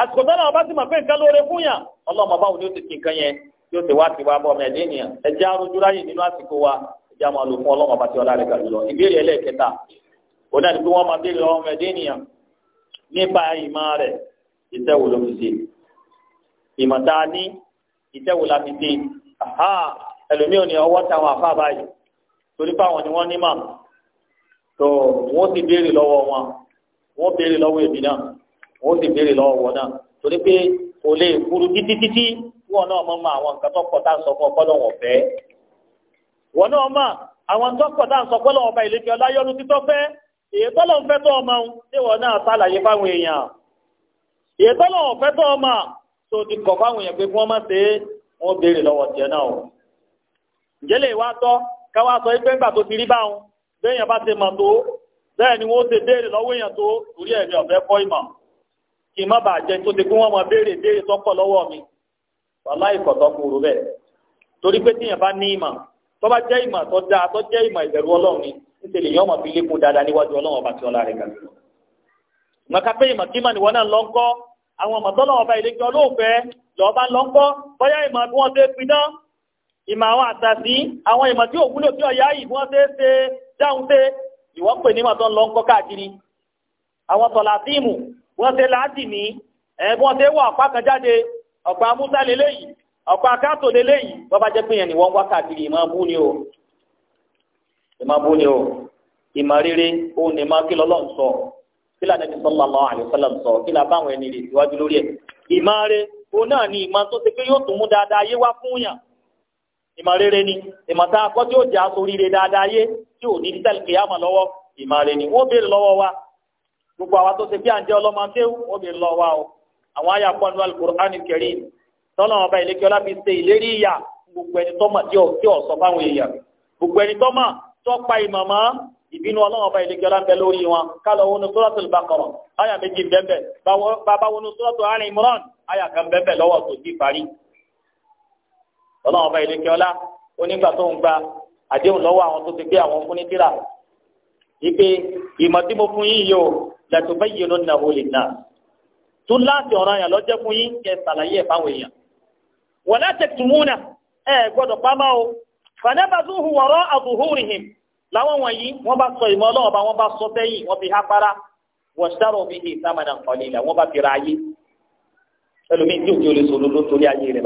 àsìkò tó náà bá ti mọ̀ pé nǹkan lóore fún yàn ọlọ́mọ báwo ni ó ti kí nǹkan yẹn tí ó ti wá tiwa bọ́ ọmọ ẹ̀dẹ́ ènìyàn ẹja arójú ráyè nínú àsìkò wa ẹja máa lò fún ọlọ́mọ bá ti ọlá rẹ̀ gàdúrà ìbéèrè ẹlẹ́ẹ̀kẹta ó dàbí pé wọ́n máa béèrè ọmọ ẹ̀dẹ́ ènìyàn nípa ìmọ̀ rẹ̀ ìtẹ́wò ló fi ṣe ìmọ̀ tá a ní ìtẹ́wò la fi ṣe ẹlòmíì ò ní ọwọ́ táwọn àfa báyìí torí báwọn ni wọ́n wọ́n sì béèrè lọ́wọ́ wọn náà torí pé kò lè kúrú títí títí wọn náà mọ̀ mọ́ àwọn nǹkan tó pọ̀ tá à ń sọ fún ọpọlọ wọn fẹ́ wọn náà mọ̀ àwọn tó pọ̀ tá à ń sọ pọ́lọ́ ọba ìlẹ́kẹ̀ ọláyọ́rú títọ́ fẹ́ èyí tọ́lọ́ ń fẹ́ tọ́ ọmọ ń tí wọn náà sàlàyé fáwọn èèyàn èyí tọ́lọ́ ń fẹ́ tọ́ ọmọ tó ti kọ̀ fáwọn èèyàn pé kí wọ́n má ṣe é wọ́n béèrè lọ́wọ́ tiẹ̀ náà o ǹjẹ́ lè wá tọ́ káwá sọ pé ńgbà tó ti rí báwọn béèyàn bá ti mọ̀ tó bẹ́ẹ̀ ni wọ́n ti béèrè lọ́wọ́ èèyàn tó torí ẹ̀mí ọ̀fẹ́ kọ́ ìmọ̀ kí n má bàa jẹ tó ti kí wọ́n mọ béèrè béèrè tọ́pọ̀ lọ́wọ́ mi wàhálà ìkọ̀tọ́ kúrú bẹ́ẹ̀ torí pé tíyẹn bá ní ìmọ̀ tó bá jẹ́ ìmọ̀ tó dáa tó jẹ́ ìmọ̀ ìbẹ̀rù ọlọ́run ni nítorí yẹn ọmọ fi lékun dáadáa níwájú ọlọ́run ọba tí ọlá rẹ̀ ga jùlọ. màkà pé ìmọ̀ kí màníwọ́ náà lọ ń kọ́ àwọn ọmọ tọ́lọ́ ọba ìlẹ́jọ́ olóòfẹ́ lọ́ọ́ bá lọ ń kọ́ bóyá ìmọ̀ bí wọ́n ṣe piná ìmọ̀ àwọn àtàsí àwọn ìmọ̀ tí òwúlò tí ọ̀yá yìí wọ́n ṣe ṣe dáhùn ṣe ìwọ́n pè nímọ̀ tó ń lọ ń kọ́ káàkiri àwọn tọ̀là síìmù wọ́n ṣe láàdì ní ẹ̀ wọ́n ṣe wọ ọ̀pá kan jáde ọ̀pá musa lélẹ́yìí ọ̀pá káàtó lélẹ́yìí wọ́n bá jẹ́ pé yẹn ni wọ́n wá káàkiri ìmọ̀ bú ni o ìmọ̀ bú ni o ìmọ̀ rere òun ni máa kí lọ́lọ́ sọ kí lànà ibi sallallahu alaihi wasallam sọ kí làbá àwọn ẹni rè síwájú lórí ẹ̀ ìmọ̀ rere òun náà ni ìmọ̀ tó ṣe pé yóò tún mú dáadáa yé wá fún yàn ìmọ̀ rere ni ìmọ̀ tá a kọ́ tí ó jẹ́ aṣọ oríire dáadáa yé tí ò ní dítàlì kìyàmọ̀ lọ́wọ́ ìmọ̀ rere ni wọ́n béèrè lọ́wọ́ wa gbogbo àwa tó ṣe bí à ń jẹ́ ọlọ́mọ akéwù omi lọ wa o àwọn àyà pọ̀ nínú alukur'ani karim tọ́lọ̀ ọba ìlékè ọlá fi ṣe ìlérí ìyà gbogbo ẹni tọ́mọ̀ tí ò tí ò sọ fáwọn èèyàn gbogbo ẹni tọ́mọ̀ tó pa ìmọ̀mọ́ ìbínú ọlọ́run ọba ìlékè ọlá ń bẹ lórí wọn kálọ̀ wọnú suratul baqara àyà méjì bẹ́ẹ̀ bàbá wọnú suratul ali imran àyà kan bẹ́ẹ̀ lọ́wọ́ tó ti parí ọlọ́run ọba ìlékè ọlá latubayyinunnahu lin-nas tó láti ọ̀ràn yà lọ́jẹ́ fún yín kẹ́ sàlàyé ẹ̀ fáwọn èèyàn wala taktumuna ẹ gbọ́dọ̀ pamọ́ o fanabadhuhu wara'a dhuhurihim láwọn wọ̀nyí wọ́n bá sọ ìmọ̀ ọlọ́ọ̀bá wọ́n bá sọ sẹ́yìn wọ́n fi hápára washtaru bihi thamanan qalila wọ́n bá fi ra ayé ẹlòmíì tí òkè olè sòrò ló torí ayé rẹ̀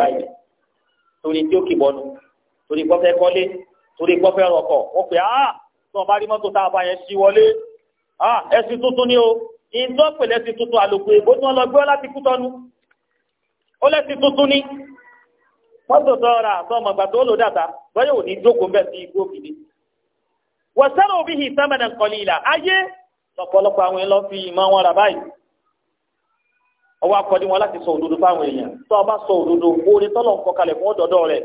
báyìí Ah, ẹ̀sìn tuntun ni o ìjọ pè lẹ́sìn tuntun àlòkù èbó tí lọ gbé láti kú tọ́nu ó ni mọ́tò tọ́ra àtọ́mọ̀ gbà jókòó sí òbí kọ́lí ìlà ayé lọ́pọ̀lọpọ̀ àwọn ẹlọ́ fi ìmọ̀ wọn rà báyìí. ọwọ́ wọn láti sọ òdodo fáwọn èèyàn tó o bá sọ òdodo oore tọ́lọ̀ ń kọkalẹ̀ fún ọ̀dọ́dọ́ rẹ̀.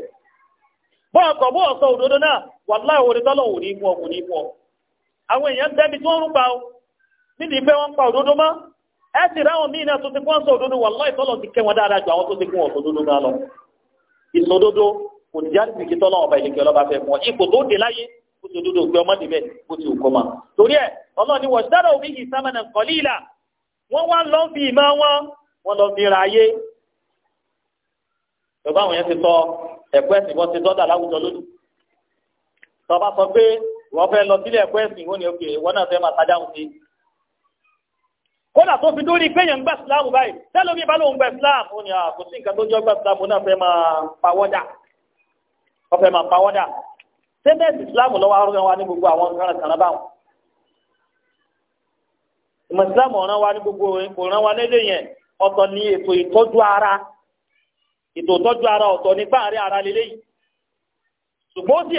bọ́ọ̀kọ̀ bọ́ọ̀ sọ òdodo náà wàláì tọ́lọ̀ àwọn èèyàn bẹ́bi tí wọ́n rúpa o nídìí pé wọ́n pa òdodo mọ́ ẹ sì ráwọn míì náà tó ti pọ́n sọ òdodo wà lọ́ọ̀ ìtọ́lọ̀ ti kẹ́ wọn dáadáa ju àwọn tó ti kún òdodo náà lọ. ìsòdodo kò ní jáde sí kíntọ́ ọba ìlẹ̀kẹ́ ọlọ́ba fẹ́ fún ọ ipò tó dé láyé kó ti òdodo gbé ọmọdé bẹ́ẹ̀ kó ti òkọ́ ma. torí ẹ ọlọ́ọ̀ ni wọ́n sáré yìí sámánà kọ́líìlà wọ́n wá lọ́ fi ìmọ̀ wọn wọ́n lọ́ fi ra ayé. yorùbá àwọn yẹn ti sọ ẹ̀kọ́ ẹ̀sìn wọ́n fẹ́ lọ sílé ẹ̀kọ́ ẹ̀sìn wọ́n ní òkè wọ́n náà fẹ́ máa sádáhùn sí. kódà tó fi dórí pé yẹn ń gba báyìí tẹ́lẹ̀ mi bá lóun gba islam ó ní à ah, sí nǹkan tó jọ gba islam náà fẹ́ máa pawọ́dà wọ́n fẹ́ máa pawọ́dà sẹ́mẹ́ẹ̀sì islam lọ́wọ́ arúgbó wa ní gbogbo àwọn nǹkan báwọn. ìmọ̀ islam ọ̀ràn wa ní gbogbo ìkòrán wa lédè yẹn ọ̀tọ̀ ni ètò ìtọ́jú ara ètò ìtọ́jú ara ọ̀tọ̀ ni fáàrí ara lélẹ́yìí ṣùgbọ́n ó sì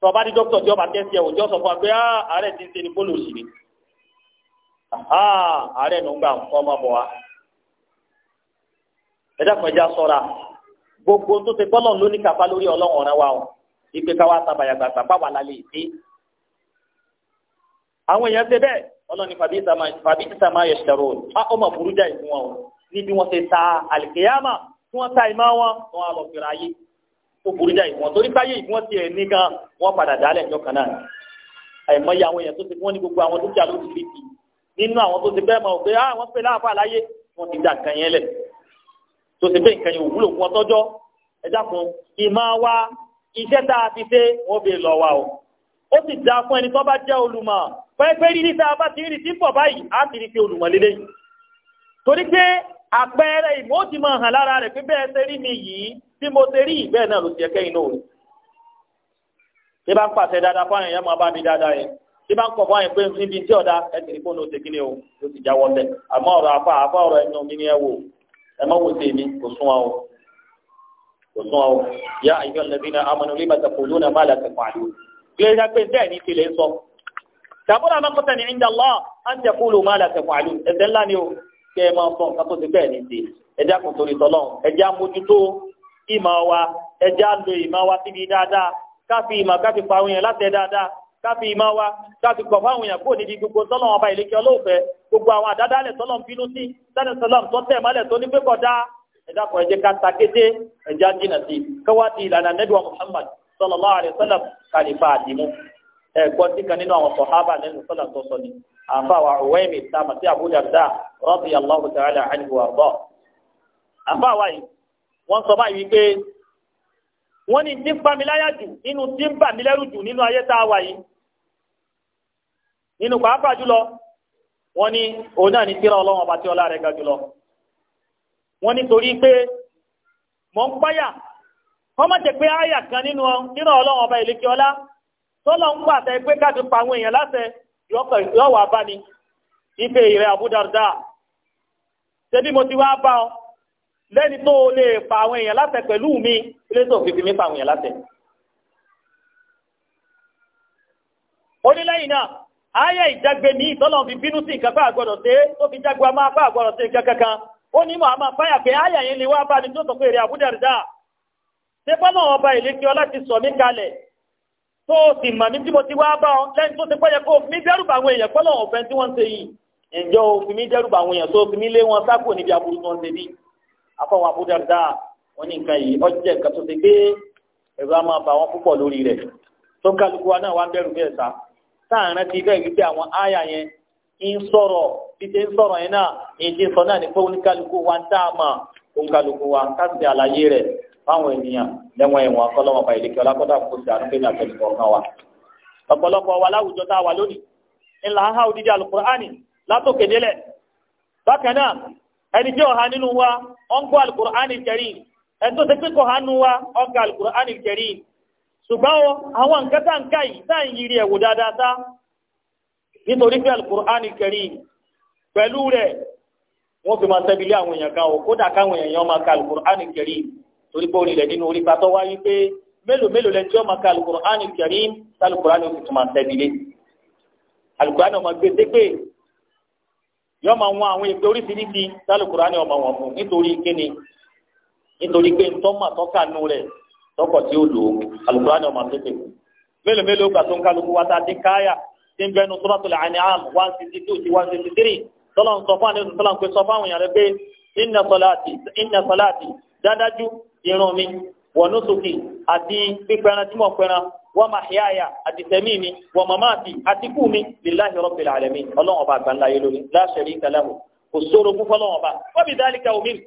tó bá di dókítà tí ó bá tẹ́sí ẹ̀ òjò sọ fún wa pé ah, àárẹ̀ ti ń ṣe ni bólú òsì ni àárẹ̀ ló ń gbà nǹkan ọmọ bọ̀ wá. ẹ dákun ẹja sọ́ra gbogbo tó ti gbọ́ lọ́n lóní kàfá lórí ọlọ́run ọ̀rẹ́ wa o ìpè ká wá sábàyàgbàgbà pàwọ́ alálẹ̀ ìdí. àwọn èèyàn ṣe bẹ́ẹ̀ ọlọ́ni fàbí ti sàmá yẹ ṣẹ̀rọ a ó mà burú jáì fún wọn o níbi wọn ṣe ta àlìkéyàmà tí wọ́n ta ìmọ̀ wọn wọn á lọ fìrà yìí tó burú jáì wọn torí báyé ìwọ́n tiẹ̀ ní gan wọ́n padà dálẹ̀ ẹjọ́ kan náà àìmọye àwọn èèyàn tó ti wọ́n ní gbogbo àwọn dúkìá ló ti fi tì nínú àwọn tó ti bẹ́ẹ̀ mọ̀ pé àwọn ah, pè láàfà láyé wọ́n ti dà kàn yẹn lẹ̀ tó ti pé nǹkan yẹn òwúlò fún ọtọ́jọ́ ẹ dákun ìmọ̀ wa iṣẹ́ tá a ti ṣe wọ́n fi lọ wa o ó sì dáa fún ẹni tó bá jẹ́ olùmọ̀ pẹ́ẹ́pẹ́ rí níta bá ti rí sí pọ̀ báyìí á ti rí pé olùmọ̀ lélẹ́yìn torí pé àpẹẹrẹ ìmọ̀ ó ti hàn lára rẹ̀ pé bẹ́ẹ̀ ṣe rí mi yìí bí mo ṣe rí ìbẹ́ẹ̀ náà ló ti ẹ̀kẹ́ inú rẹ̀ tí bá ń pàṣẹ dáadáa fún àyàn yẹn máa bá mi dáadáa yẹn tí bá ń kọ̀ fún àyàn pé níbi tí ọ̀dà ẹ̀sìn ní fóònù òṣèkí ni o ló ti jáwọ́ tẹ̀ àmọ́ ọ̀rọ̀ afá afá ọ̀rọ̀ ẹnu mi ni ẹ wò ẹ má wò sí mi kò sún ọ kò sún ọ yá àyọ lẹbi náà amọ̀nà orí màtà kò lónà má làtà fún àlè ilé iṣẹ́ pé bẹ́ẹ̀ ìmọ̀ wa ẹja lo ìmọ̀ wa síbi dáadáa káfí ìmọ̀ káfí pa àwọn èèyàn láti ẹ dáadáa káfí ìmọ̀ wa káfí pọ̀ fáwọn èèyàn kó níbi gbogbo tọ́lọ̀ ọba ìlékẹ́ ọlọ́ọ̀fẹ́ gbogbo àwọn àdádálẹ̀ tọ́lọ̀ ń bínú sí sẹ́ni sọlọ́m tó tẹ̀ mọ́lẹ̀ tó ní pé kọjá ẹ̀dá kan ẹ̀jẹ̀ ká ta kété ẹ̀já jìnà sí káwáàtì ìlànà nẹ́dùwà Muhammad sallallahu alaihi wasallam kàlífà àdìmú yìí wọ́n sọ báyìí wípé wọ́n ní tí ń bá mi láyà jù nínú tí ń bà mí lẹ́rù jù nínú ayé tá a wà yìí nínú pàápàá jùlọ wọ́n ní òun náà ní tírà ọlọ́run ọba tí ọlá rẹ̀ ga jùlọ wọ́n ní torí pé mọ̀ ń páyà wọ́n má jẹ́ pé áyà kan nínú tírà ọlọ́run ọba ìlékè ọlá tọ́lọ́ ń pàṣẹ pé káàdì pa àwọn èèyàn láṣẹ yọ̀wà bá ní ife ìrẹ̀ Abu Darda ṣebí mo ti wá bá ọ lẹ́ni tó lè pa àwọn èèyàn látẹ̀ pẹ̀lú mi ilé tó fi fi mí pa àwọn èèyàn látẹ̀. onílẹ́yìn náà ayé ìjágbe ní ìtọ́lọ̀ fi bínú sí nǹkan fáàgbọ́dọ̀ sí tó fi jágbe a máa fáàgbọ́dọ̀ sí nǹkan kankan ó ní màá máa fáyà pé ayé yẹn lè wá bá ní tó sọ pé èrè àbújá rẹ̀ dáa ṣé bọ́lá ọba ìlékí ọlá ti sọ mí kalẹ̀ tó o sì mà mí tí mo ti wá bá ọ lẹ́yìn tó ti pẹ́yẹ kó o dẹ́rùbà àwọn èèyàn pọ́lọ̀ ọ̀fẹ́ tí wọ́n ń ṣe yìí ǹjọ́ o fi dẹ́rùbà àwọn èèyàn tó fi mí lé wọn sákò níbi aburú tó ń ṣe bíi afọwọ́ abúdàdà wọn ní nǹkan yìí ọjọ́ nǹkan tó ti gbé ẹ̀rọ a máa bà wọ́n púpọ̀ lórí rẹ̀ tó kálukú wa náà wá ń bẹ̀rù bẹ́ẹ̀ sá sáàrin ti bẹ́ẹ̀ wípé àwọn áyà yẹn ń sọ̀rọ̀ títí ń sọ̀rọ̀ yẹn náà èyí ti sọ náà ní pé oníkálukú wa ń dá àmà oníkálukú wa káṣí àlàyé rẹ̀ fáwọn ènìyàn lẹ́wọ̀n ẹ̀wọ̀n akọ́lọ́wọ̀n ọba ìlẹ́kẹ́ ọlákọ́dà kò sí àdúgbò ní àtẹnukọ̀ kan wa. ọ̀pọ̀lọpọ̀ wa láwùjọ tá a wà lónìí ńlá ha odidi alukur'ani látòkè délẹ̀ bákan náà ẹni tí ọ̀há nínú wa ọ̀n kọ́ alukur'an ìkẹrì ẹni tó ṣe pé kọ̀ọ̀há nínú wa ọ̀n kọ́ alukur'an ìkẹrì ṣùgbọ́n o àwọn nǹkan tá nǹkan yìí tá ń yiri ẹ̀wò dáadáa tá nítorí pé alukur'an ìkẹrì pẹ̀lú rẹ̀ wọ́n fi máa tẹ́bi lé àwọn èèyàn kan o kódà káwọn èèyàn máa ka alukur'an ìkẹrì torí pé orílẹ̀ nínú orí patọ́ wáyé pé mélòó mélòó lẹ́ni tí ó máa ka alukur'an ìkẹrì tá alukur'an ò sì tún máa tẹ́bi lé alukur'an ò máa gbé yọ máa wọn àwọn èpè oríṣiríṣi sálùkùrá ni ọmọ wọn fún nítorí kíni nítorí pé ntọ́mà tọ́ka nù rẹ̀ tọkọ̀ tí ó lò ó alùkùrá ni ọmọ tètè mélòó mélòó gbà tó ń kálukú wá tá a ti káyà tí ń bẹnu Suratul An'am one sixty two sí one sixty three tọ́lọ̀ ń sọ fún àdéhùn tọ́lọ̀ ń pè sọ fáwọn èèyàn rẹ pé inna salati inna salati dádájú irun mi wa nusuki àti pípẹ́ran tí mo pẹ́ran wa mahyaya àti tẹ̀mí mi wa mamati àti kú mi lillahi rabbil alamin ọlọ́run ọba àgbà ńlá yé lórí la sharika lahu kò sóró fún fọlọ́run ọba wa bi dhalika umirt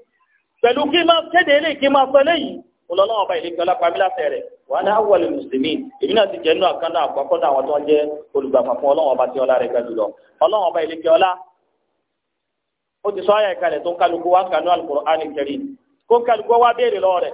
pẹ̀lú kí máa kéde eléyìí kí máa fẹ́ léyìí ọlọ́run ọba ìlẹ́kẹ́ ọlápamílá fẹ́rẹ̀ wa ana awwalul muslimin èmi náà ti jẹ́ nínú àkàndá àkọ́kọ́ náà àwọn tó ń jẹ́ olùgbàfà fún ọlọ́run ọba tí ọlá rẹ̀ gbẹ jùlọ ọlọ́run ọba ìlẹ́kẹ́ ọlá ó ti sọ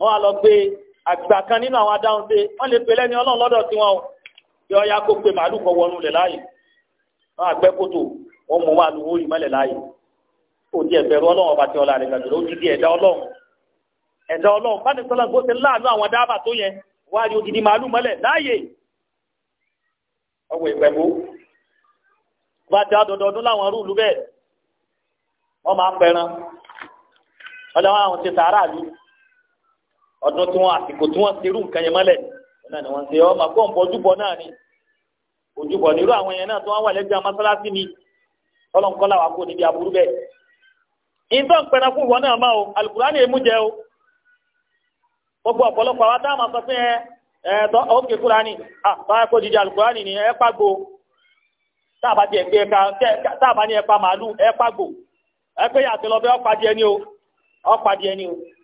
wọ́n á lọ gbé àgbà kan nínú àwọn adáhunṣe wọ́n lè pèlẹ́ ní ọlọ́run lọ́dọ̀ tiwọn o yọ ya kó pe màálù kọ wọnú lẹ̀ láàyè wọ́n kótó wọ́n mú màálù wọ́n yìí mọ́lẹ̀ láàyè kò di ẹ̀bẹ̀rù ọlọ́run ọba rẹ̀ gbàdúrà di ẹ̀dá ọlọ́run ẹ̀dá ọlọ́run bá bó láàánú àwọn tó yẹn wá odidi màálù mọ́lẹ̀ láàyè ọwọ́ bá láwọn rúùlù bẹ́ẹ̀ wọ́n máa ń pẹran ọlọ́run àwọn ti sàárà lù ọdún tí wọn àsìkò tí wọn serú nǹkan yẹn mọ́lẹ̀ náà ni wọ́n ṣe ọ́ màá náà ni ojúbọ nírú àwọn yẹn náà tí wọ́n wà lẹ́gbẹ̀ẹ́ mọ́sálásí ni ọlọ́nkọ́lá wa kó níbi aburú bẹ́ẹ̀. fún ìwọ alukurani jẹ o gbogbo ọ̀pọ̀lọpọ̀ sọ fún ẹ ẹ tọ́ òkè alukurani ni ẹ táàbà ni ẹ pa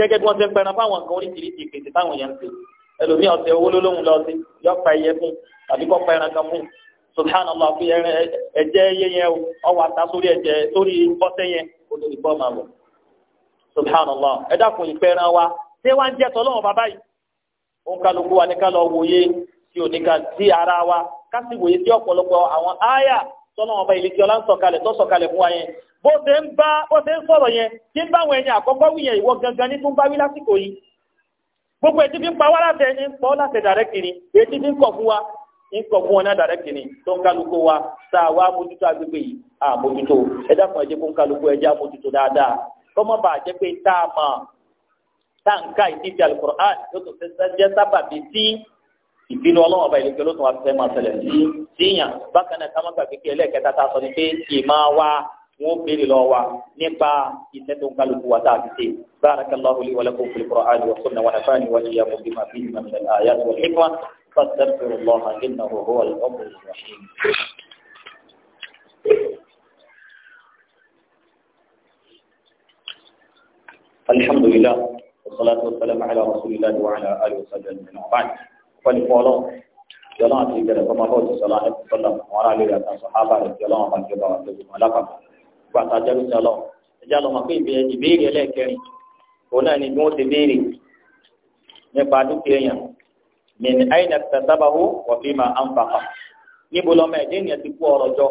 gẹ́gẹ́ bí wọ́n ti ń pẹran fáwọn kan oríṣiríṣi ìpèsè táwọn yẹn ń pè ẹlòmíì ọ̀sẹ̀ owó lólóhùn lọ sí yọ pa ẹyẹ fún tàbí kọ́ pẹran kan fún subhanallah fi ẹ̀jẹ̀ ẹyẹ yẹn o ọwọ́ ata sórí ẹ̀jẹ̀ sórí bọ́sẹ̀ yẹn o lè bọ́ máa wọ̀ subhanallah ẹ dákun ìpẹran wa ṣé wàá jẹ́ tọ́lọ́wọ́n bàbá yìí ó ń kálukú wa ní ká lọ wòye tí ò ní ká sí ara wa ká sì wòye sí ọ̀pọ̀lọpọ̀ àwọn áyà tọ́lọ́wọ́n bá ilé bó ṣe ń bá bó ṣe ń sọ̀rọ̀ yẹn tí ń bá àwọn ẹni àkọ́kọ́ wí yẹn ìwọ gangan ní tó bá wí lásìkò yìí gbogbo ètí fi ń pa wá láti ẹni pọ́ láti dàrẹ́kìnrin ètí fi ń kọ̀ fún wa ń kọ̀ fún wọn náà dàrẹ́kìnrin tó ń kálukú wa tá a wá mójútó agbègbè yìí à mójútó ẹ dákun ẹ jẹ́ kó ń kálukú ẹ jẹ́ àmójútó dáadáa kọ́mọ́ bàá jẹ́ pé tá a mọ̀ tá à ń ká ìdí ti alukur'an yóò tó fẹsẹ̀ jẹ́ sábàbí sí ìbínú ọlọ́run ọba ìlú kẹlótó wa fẹ́ máa ṣẹlẹ̀ sí síyàn bákan náà ká gbàgbé kí ẹlẹ́ẹ̀kẹta tá sọ ni pé ìmọ̀ wa wọn béèrè lọ wa nípa iṣẹ́ tó ń ku wa tá ti ṣe barakallahu li wa lakum fil qur'ani wa sunna wa nafani wa iyyakum bima fihi min al ayati wal hikma fastaghfirullaha innahu huwal ghafurur rahim. الحمد لله والصلاة والسلام على رسول الله وعلى آله وصحبه أجمعين وبعد فالفولو جلال في كده فما هو صلى الله عليه وسلم وعلى آله وصحبه أجمعين وبعد جلال من جبار جزم gbàtà jẹrùsẹ lọ ẹjẹ ìbéèrè ẹlẹ́ẹ̀kẹrin òun náà ni bí wọn ti béèrè nípa dúkìá yẹn mẹni àyìn àti tẹsábàwò wọfí máa ń fapá níbo lọmọ ẹdẹ ènìyàn ti kú ọ̀rọ̀ jọ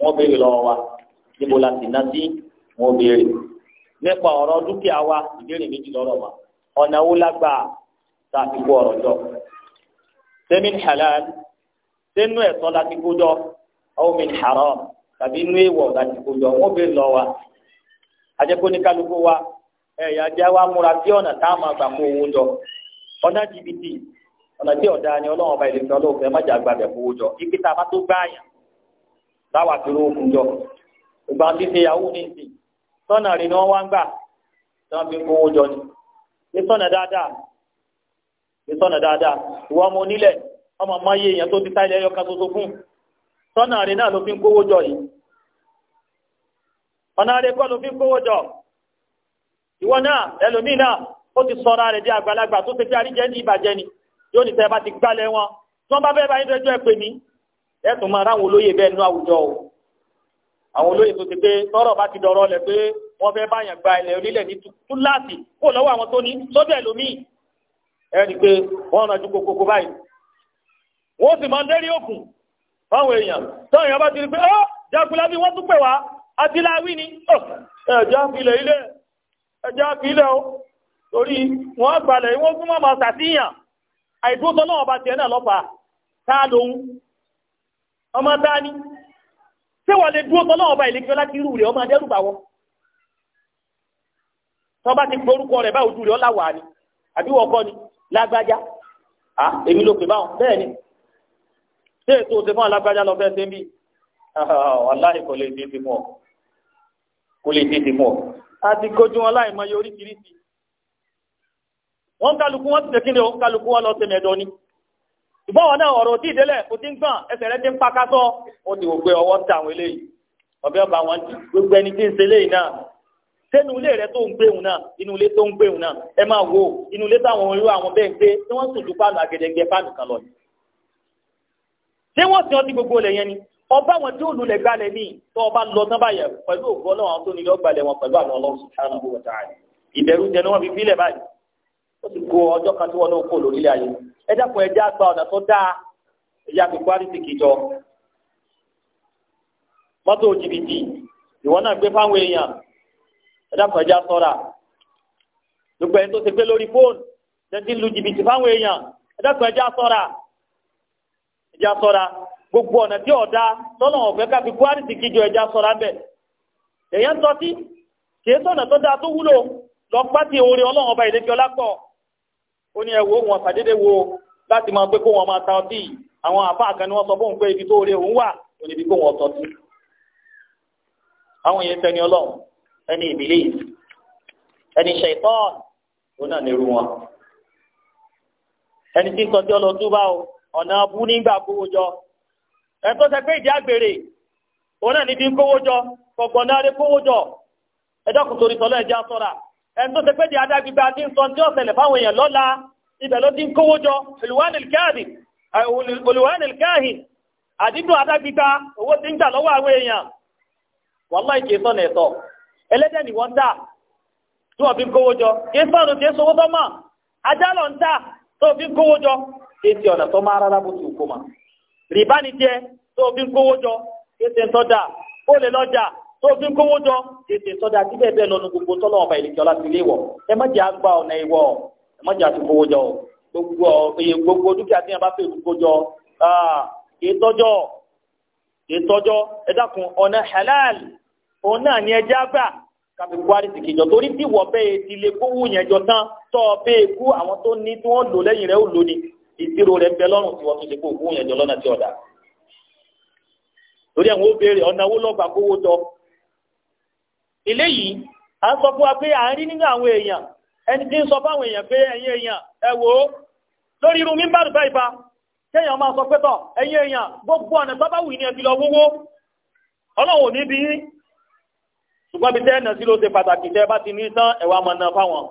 wọn béèrè lọ́wọ́ wa níbo la sì ná wọn béèrè nípa dúkìá wa ìbéèrè méjì wa ọ̀nà wo la gbà tá a ti kú jọ sẹ́mi halal sẹ́nu ti kú jọ haram tàbí inú ìwọ̀ láti kó yọ wọ́n bèè lọ wa àjẹkó ní kálukú wa ẹ̀yà jẹ́ wa múra bí ọ̀nà tá a máa gbà kó owó jọ ọ̀nà jìbìtì ọ̀nà tí ọ̀dà ni ọlọ́run ọba ìlẹ̀fẹ̀ ọlọ́ọ̀fẹ́ má jà gba bẹ̀ kó owó jọ ibi tá a bá tó gbá àyàn táwa fi rówó kú jọ ìgbà tí ṣe yahoo ní ìsìn sọ́nà rìn ni wọ́n wá ń gbà tí wọ́n fi kó owó jọ ni ìsọ̀nà dáadáa ìsọ̀nà dáadáa ìwọ ọmọ onílẹ̀ ọmọ ọmọ ayé èèyàn tó ti sáyẹ̀ ẹyọ kan ṣoṣo fún un tọ́nà rẹ̀ náà ló fi ń kówó jọ yìí ọ̀nà rẹ̀ kọ́ ló fi ń kówó jọ ìwọ náà ẹlòmíì náà ó ti sọra rẹ̀ di àgbàlagbà tó ṣe pé àríjẹ́ ní ìbàjẹ́ ni yóò ní sẹ́yìn bá ti gbálẹ̀ wọn tí wọ́n bá fẹ́ bá yín dẹjọ́ ẹ pè mí ẹ tún máa ráwọn olóyè bẹ́ẹ̀ nú àwùjọ o àwọn olóyè tó ṣe pé tọ́rọ̀ bá ti dọ̀rọ̀ lẹ̀ pé wọ́n fẹ́ bá yàn gba ilẹ̀ onílẹ̀ ní túláàsì kó lọ́wọ́ àwọn tó ní sọ́dọ̀ ẹlòmíì ẹ rí i pé wọ́n rànjú kókókó báyìí wọ́n sì máa ń dérí òkun fáwọn èèyàn táwọn èèyàn bá ti rí pé ọ́ jákulábí wọ́n tún pè wá àti láwí ni ẹ̀já filẹ̀ ilẹ̀ ẹ̀já filẹ̀ o torí wọ́n gbalẹ̀ wọ́n fún mọ́mọ́ sàtíyàn àìdúrótọ́ náà ọba tiẹ̀ náà lọ́pàá táà lòun ọmọ táà ní ṣé wọ́n lè dúrótọ́ náà ọba ìlẹ́kẹ́ láti rú rẹ̀ ọmọ adẹ́rùbà wọn tọ́ba ti gborúkọ rẹ̀ báwo ojú rẹ̀ ọ̀làwà ni àbí wọ́n kọ́ ni lágbájá à èmi ló pè báwọn bẹ́ẹ̀ ni ṣé ètò òṣè fún alágbájá lọ fẹ́ sẹ́ńbì wàláì kò lè tètè mọ̀ kò lè tètè mọ̀ a ti kojú wọn láì mọye oríṣiríṣi wọn kálukú wọn ti tẹ kíni o kálukú wọn lọ sí mẹdọ ni ìbọn wọn náà ọ̀rọ̀ tí ìdélẹ kò ti ń gbọn ẹsẹ̀ rẹ̀ ti ń pakásọ ó ti wò pé ọwọ́ ń ta àwọn eléyìí ọbẹ ọba wọn ti gbogbo ẹni tí ń ṣe eléyìí náà sẹnu ilé rẹ̀ tó ń gbé náà inú ilé tó ń gbé náà ẹ máa wo inú ilé táwọn irú àwọn bẹ́ẹ̀ gbé tí wọn sùn ju fáànù àgẹdẹgbẹ kan lọ yìí ṣé wọ́n sì gbogbo ole yẹn ni ọba wọn tí ó lulẹ̀ gbalẹ̀ ní tó ọba lọ tán báyẹ̀ pẹ̀lú òkú ọlọ́run tó nílò niile wọn pẹ̀lú àwọn ọlọ́run subhanahu wa ta'ala ìbẹ̀rù jẹ ni wọ́n fi fílẹ̀ báyìí ó ti kó ọjọ́ kan tí wọ́n náà kó lórílẹ̀ ayé ẹ dákun ẹ já gba ọ̀nà tó dáa ẹ̀yà mọ́tò jìbìtì ìwọ náà gbé fáwọn èèyàn ẹ dákun ẹ ẹja sọra gbogbo ọ̀nà tí ọ̀dá tọ́nà ọ̀fẹ́ káfí Buhari ti kíjọ ẹja sọra bẹ̀ èyàn ń tọ́tí kìí sọ̀nà tó dáa tó wúlò lọ pátì orí ọlọ́run ọba ìlẹ́kẹ́ ọlápọ̀ ó ní ẹ̀wọ̀ wo láti máa kó wọn máa ta ọtí àwọn sọ pé ibi tó òun wà kó wọn àwọn tẹni ọlọ́run ẹni ìbílẹ̀ ẹni ó náà ọ̀nà abú nígbà kówó jọ ẹ̀ tó sẹ pé ìdí àgbèrè òun náà ní ti ń kówó jọ kọ̀gbọ̀n náà lè kówó jọ ẹjọ́ kò torí sọlọ́ ẹ̀já sọ́ra ẹ̀ tó sẹ pé ìdí adágbígbá ti ń sọ tí ó ṣẹlẹ̀ fáwọn èèyàn lọ́la ibẹ̀ ló ti ń kówó jọ olùwánilkáhìn àdínú adágbígbá owó ti ń gbà lọ́wọ́ àwọn èèyàn wàláì kìí sọ̀nà ẹ̀tọ́ ẹlẹ́dẹ̀ ni wọ́n dà tí wọ́n fi kówó jọ kìí sọ̀nà sọ owó tọ́mọ̀ ajá lọ ń dà kéèsì ọ̀nà tó máa rárá bó ti kó ma rìbá ni jẹ tó o fi ń kówó jọ kéèsì ń sọdá ó lè lọjà tó o fi ń kówó jọ kéèsì ń sọdá tí bẹ́ẹ̀ bẹ́ẹ̀ lọ́nu gbogbo tọ́lọ́ ọba ìlẹ̀kẹ́ ọlá ti lé wọ̀ ẹ má jẹ́ àgbà ọ̀nà ìwọ̀ ẹ má jẹ́ àti kówó jọ gbogbo gbogbo dúkìá tí yẹn bá fèrè kó jọ kì í ẹ dákun ọ̀nà halal òun náà ni ẹ já gbà kàfi kó àdìsí kejọ torí tí wọ́n bẹ́ẹ̀ ti lè kówó yẹn jọ tán tọ́ ọ bẹ́ẹ̀ kú àwọn tó ní tí wọ́n lò lẹ́yìn rẹ̀ ó lò ní ìdírò rẹ̀ bẹ lọ́rùn tí wọ́n tún ṣe kó òkú yẹn jọ lọ́nà tí ọ̀dà torí àwọn obìnrin ọ̀nà owó lọ́gbà kówó jọ eléyìí à ń sọ fún wa pé à ń rí nínú àwọn èèyàn ẹni tí ń sọ fáwọn èèyàn pé ẹ̀yin èèyàn ẹ wò ó lórí irun mímbàdù bá ìbá kéèyàn máa sọ pé tọ̀ ẹ̀yin èèyàn gbogbo ọ̀nà sábà wù ní ẹbí lọ wówó ọlọ́run ò ní bí ṣùgbọ́n bí tẹ́ẹ̀nà sí ló ṣe pàtàkì tẹ́ bá ti ní tán ẹ̀wà mọ̀nà fáwọn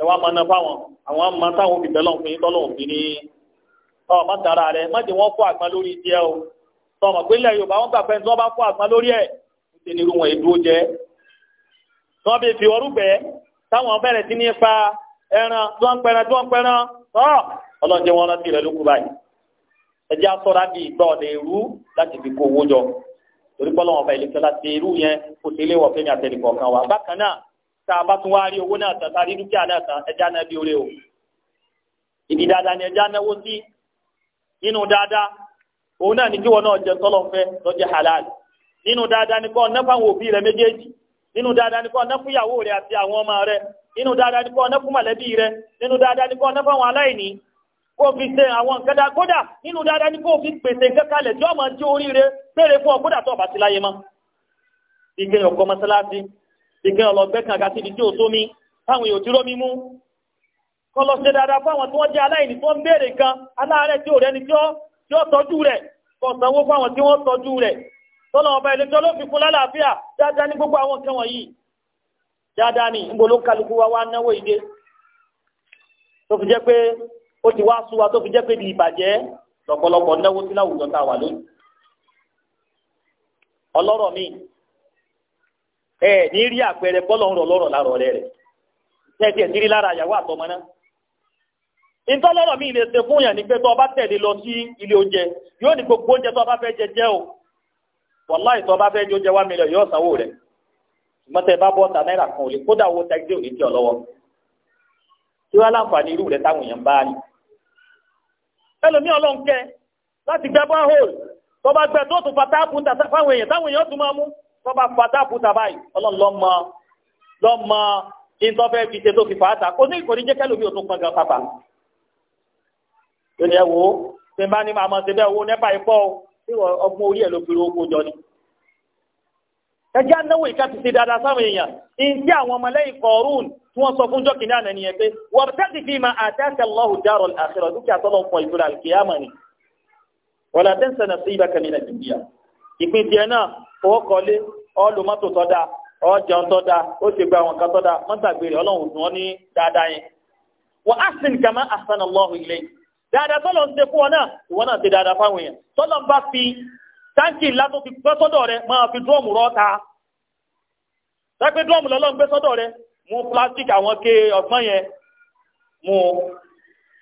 ẹ̀wà mọ̀nà fáwọn àwọn mọ̀ táwọn òbí bẹ́lọ̀ fún yín tọ́lọ̀ òfin ní ọmọ tara rẹ má jẹ́ wọ́n fọ́ àgbọn lórí tiẹ̀ o tọmọ pé ilẹ̀ yorùbá wọ́n gbà pé tí wọ́n bá fọ́ àgbọn lórí ẹ̀ ṣe ni irú èdúró jẹ tí wọ́n fi ọrú bẹ́ẹ̀ táwọn bẹ̀rẹ̀ sí ní pa ẹran tí wọ́n pẹran tí wọ́n pẹran tọ́ ọlọ́njẹ́ wọn rántí rẹ lókù báyìí ẹjẹ́ asọ́ra bíi ìgbà ọ̀nà ìrú láti fi kó owó jọ torí pé ọlọ́wọ́n ọba ìlẹ́kẹ́ láti irú yẹn kò sí ilé wọ̀fẹ́ ní àtẹnìkọ̀ kan wa bákan náà tá a bá tún wá rí owó náà tán tá a rí dúkìá náà tán ẹjẹ́ aná bí o ìdí dáadáa ni ẹjẹ́ anáwó sí nínú dáadáa òun náà ní kí wọn náà jẹ tọ́lọ̀ lọ́jẹ́ halal nínú dáadáa ní kó ọ̀nà fáwọn òbí rẹ méjèèjì nínú dáadáa ní kó ọ̀nà fún ìyàwó rẹ àti àwọn ọmọ rẹ nínú dáadáa ní kó ọ̀nà fún mọ̀lẹ́bí rẹ nínú dáadáa ní kó ọ̀nà fáwọn aláìní kó fi ṣe àwọn nǹkan dáa kódà nínú dáadáa fi pèsè nǹkan kalẹ̀ tí ọmọ oríire péré fún ọ kódà tó ọba mọ́. ọkọ mọ́sálásí àgàtì ìdí tí kọlọ ṣe dáadáa fún àwọn tí wọ́n jẹ́ aláìní tó ń béèrè kan aláàárẹ̀ tí ò rẹni tí ó tọ́jú rẹ̀ kọ̀ọ̀sánwó fún àwọn tí wọ́n tọ́jú rẹ̀ tọ́lọ ọba ìlẹ́jọ́ ló fi fún lálàáfíà dáadáa ní gbogbo àwọn dáadáa kálukú wa wá náwó ìdè tó fi jẹ́ pé ó ti wá sú wa tó fi jẹ́ pé di ìbàjẹ́ náwó sí láwùjọ tá a wà ìtọ́lọ́rọ̀ mi lè ṣe fún yàn ní pé tó bá tẹ̀lé lọ sí ilé oúnjẹ yóò ní gbogbo oúnjẹ tó bá fẹ́ jẹ jẹ́ o wàláì tó bá fẹ́ jẹ oúnjẹ wá mílíọ̀n yóò sanwó rẹ̀ ṣùgbọ́n tẹ bá bọ́ ta náírà kan ò lè kódà owó tẹ́gbẹ́ ò ní tí ọ lọ́wọ́ tí wọ́n láǹfààní irú rẹ̀ táwọn èèyàn bá ní. ẹlòmíì ọlọ́nkẹ́ láti gbẹ́ borehole tó bá gbẹ́ tó tún fa táàpùtà fáwọn èèyàn táwọn èèyàn tún máa mú tó bá fa táàpùtà báyìí ọlọ́run lọ́mọ lọ́mọ ta kò ní lórí ẹ wo ṣe bá ní màmá ṣe bẹ́ẹ̀ owó nẹ́pà yìí pọ̀ o tí ọgbọ́n orí ẹ̀ ló fi owó jọ ni. ẹ jẹ́ anáwó ìka ti ṣe dáadáa sáwọn èèyàn ìdí àwọn ọmọlẹ́yìn kọ̀ọ̀rùn tí wọ́n sọ fún jọ́kìnrin àná nìyẹn pé wabtaghi fīmā ātāka Allāhu ad-dāral ākhirah dúkìá tọ́lọ́ fún ìtura àlùkìyàmọ̀ ni wa lā tansa naṣībaka mina ad-dunyā ìpín tiẹ̀ náà owó kọ́lé ọlùmọ́tò tọ́da ọjọ́ tọ́da ó ṣe gba àwọn kan tọ́da mọ́tàgbére ọlọ́run dùn dáadáa tọ́lọ̀ ń ṣe fún ọ náà ìwọ náà ṣe dáadáa fáwọn èèyàn tọ́lọ̀ ń bá fi táǹkì ńlá tó fi gbé sọ́dọ̀ rẹ máa fi dúrọ́ọ̀mù rọ́ ta dápẹ́ dúrọ́ọ̀mù lọ́lọ́ ń gbé sọ́dọ̀ rẹ mú plastic àwọn ké ọgbọ́n yẹn mú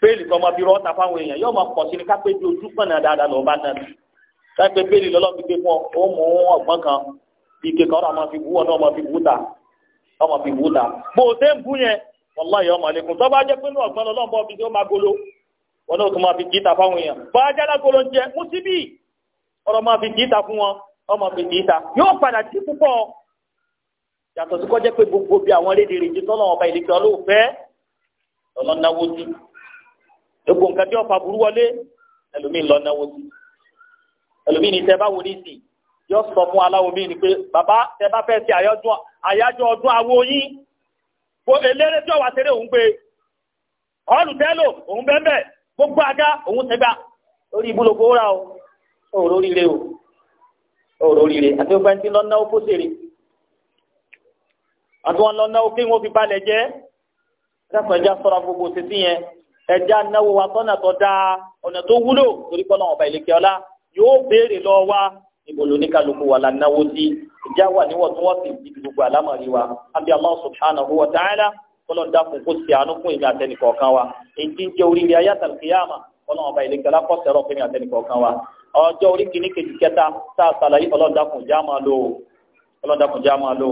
bẹ́ẹ̀lì tó máa fi rọ́ ta fáwọn èèyàn yóò máa pọ̀ sí ni kápẹ́ di ojú pọ̀nà dáadáa lọ́ọ́ bá náà dápẹ́ bẹ́ẹ̀lì lọ́lọ́ fi gbé fún ọ mú ọgbọ́n kan ike kan ọ̀rọ̀ máa fi wú ọ náà máa fi wú o ṣe ń bú lọ́lọ́ wọn náà tún máa fi kìíta fáwọn èèyàn bá a jálá kó ló ń jẹ mùsíbì ọ̀rọ̀ máa fi kìíta fún wọn ọmọ fi kìíta yóò padà sí púpọ̀ yàtọ̀ sí kọjá pé gbogbo bí àwọn rédèrèdè tọ́lọ̀ ọba ìlẹ́kẹ́ ọlọ́ọ̀fẹ́ lọ́nà náwó sí egbò nǹkan tí ọ̀fà burú wọlé ẹlòmíì lọ náwó sí ẹlòmíì ní tẹ́bá wò nísì yóò sọ fún aláwo míì pé bàbá tẹ́bá fẹ́ ṣe àyájọ́ ọdún awo yín eléré tí ọ̀wà ṣeré òun gbé ọ̀ọ́lù tẹ́lò òun bẹ́ẹ̀ bẹ́ẹ̀ gbogbo adá òun tẹ́gbà lórí ibùdókò rà o òòrò rire o òòrò rire àti gbogbo ẹni tí lọ́nà ó kó sèrè àti wọn lọ́nà ó kí wọn fi balẹ̀ jẹ́ dákun ẹja sọ̀rọ̀ gbogbo títí yẹn ẹja náwó wa tọ́nà tó dáa ọ̀nà tó wúlò torí pọ́nà ọ̀bà ìlẹ̀kẹ́ ọlá yóò béèrè lọ́wọ́ wa níbo ló ní kálukú wa la náwó sí ìjà wà níwọ̀ntúnwọ̀nsì ibi gbogbo àlámọ̀rí wa àbí Allah subhanahu wa ta'ala kọlọ́n dákun kó ṣe àánú fún èmi àtẹnìkọ̀ọ̀kan wa èyí tí ń jẹ́ oríire ayáta kìyàmà kọlọ́n ọba ìlẹ́gbẹ̀ẹ́ lápọ̀sẹ̀rọ̀ fún èmi àtẹnìkọ̀ọ̀kan wa ọjọ́ orí kìíní kejì kẹta tá a sàlàyé kọlọ́n dákun já máa lò ó kọlọ́n dákun já máa lò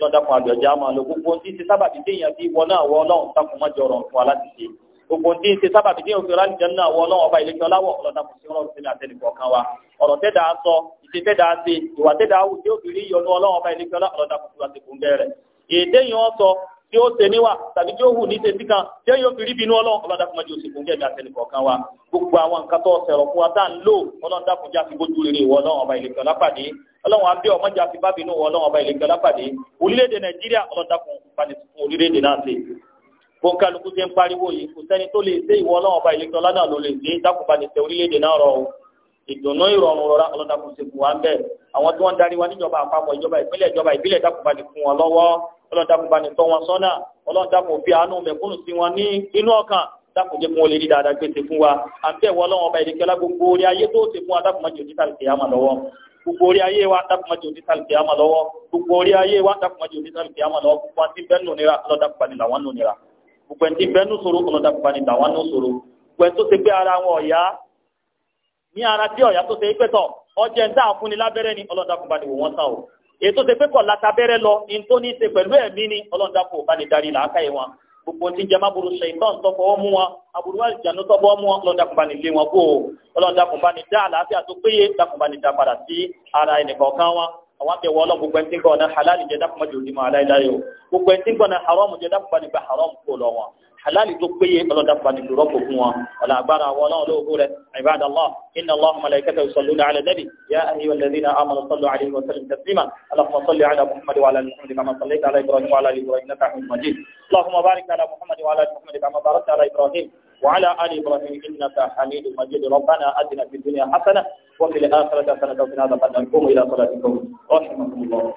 ó kọlọ́n gbogbo ohun tí ń sábàbí déèyàn bí wọ náà wọ ọlọ́run dákun má jẹ́ ọ̀rọ̀ fún wa láti ṣe gbogbo ndí ṣe sábà bìí òfin ọlá nìjẹun náà wọ ọlọ́wọ́ ọba ìlẹ́jọ́ láwọ̀ ọlọ́dà kò sí ọlọ́run sílẹ̀ àtẹnìkọ̀ kan wa ọ̀rọ̀ tẹ́dà á sọ ìṣe tẹ́dà á ṣe ìwà tẹ́dà á wù tí ó fi rí ìyọnu ọlọ́wọ́ ọba ìlẹ́jọ́ ọlọ́dà kò sí wa ti kún bẹ́ẹ̀ tí ó ṣe níwà tàbí tí ó hù ní tẹ̀sí kan tí yóò fi rí bínú ọlọ́run ọlọ́dà fún ọjọ́ òsì fún jẹ́bi àtẹnì kọ̀ọ̀kan wa gbogbo àwọn nǹkan tó ṣẹ̀rọ̀ fún wa tá à ń lò ọlọ́run dákun já fi bójú rere ìwọ ọlọ́run ọba ìlẹ̀kẹ̀ lápàdé ọlọ́run abẹ́ ọmọ já fi bá bínú ìwọ ọlọ́run ọba ìlẹ̀kẹ̀ lápàdé orílẹ̀-èdè nàìjíríà ọlọ́run dákun fani fún orílẹ̀-èdè náà ṣe ìdùnnú ìrọ̀rùn rọra ọlọ́dàkùn ṣe fún wa ń bẹ̀ àwọn tí wọ́n darí wa níjọba àpapọ̀ ìjọba ìpínlẹ̀ ìjọba ìbílẹ̀ dákun fún wọn lọ́wọ́ ọlọ́run dákun bá ní tọ́ wọn sọ́nà ọlọ́run dákun fi àánú mẹ̀kúnnù sí wọn ní inú ọkàn dákun jẹ́ fún olè dídá adágbé ti fún wa à ń bẹ̀ wọ́n ọlọ́run ọba ìdíkẹ́lá gbogbo orí ayé tó ti fún wa dákun má jẹ́ òjì tàbí kìyàmà lọ́wọ́ gbogbo orí ayé wa dákun má jẹ́ òjì tàbí kìyàmà lọ́wọ́ gbogbo orí ayé wa dákun má jẹ́ òjì lọ́wọ́ gbogbo àti bẹ́ẹ̀nù nira ọlọ́run làwọn nù nira gbogbo ẹni tí bẹ́ẹ̀nù sòro ọlọ́run làwọn nù sòro gbogbo ẹni tó ti gbé ara wọn ọ̀yá ní ara ètò ṣe pé kọ̀ látàbẹ́rẹ́ lọ ní tó ní ṣe pẹ̀lú ẹ̀mí ni ọlọ́run dákun bá ní darí làákàyè wọn gbogbo tí jẹ́ má burú ṣèǹtàn tọ́fọ́ mú wọn aburú àlùjánu tọ́fọ́ mú wọn ọlọ́run dákun bá ní lé wọn kó ọlọ́run dákun bá ní dá àlàáfíà tó péye dákun bá ní dá padà sí ara ẹnìkọ̀ọ̀kan wọn àwọn àti ẹ̀wọ̀ gbogbo ẹni gbọ́ ọ̀nà halal jẹ́ dákun mọ́jú ìdí aláìláyò gbogbo ẹni gbọ́ ọ̀nà haram jẹ́ dákun bá ní gba haram kó lọ wọn halali tó péye ọlọ́dà fani rọ́pò fún wọn ọ̀là agbára wọn náà lóògùn rẹ̀ ibadallah inna Allaha malaikatahu yusalluna ala nabi ya ayyuhal ladhina amanu sallu alayhi wa sallimu taslima allahumma salli ala muhammad wa ala ali muhammad kama sallaita ala ibrahim wa ala ali ibrahim innaka hamidun majid allahumma barik ala muhammad wa ala ali muhammad kama barakta ala ibrahim وعلى آل إبراهيم إنك حميد مجيد ربنا أتنا في الدنيا حسنة وفي الآخرة حسنة وقنا عذاب النار قوموا إلى صلاتكم رحمكم الله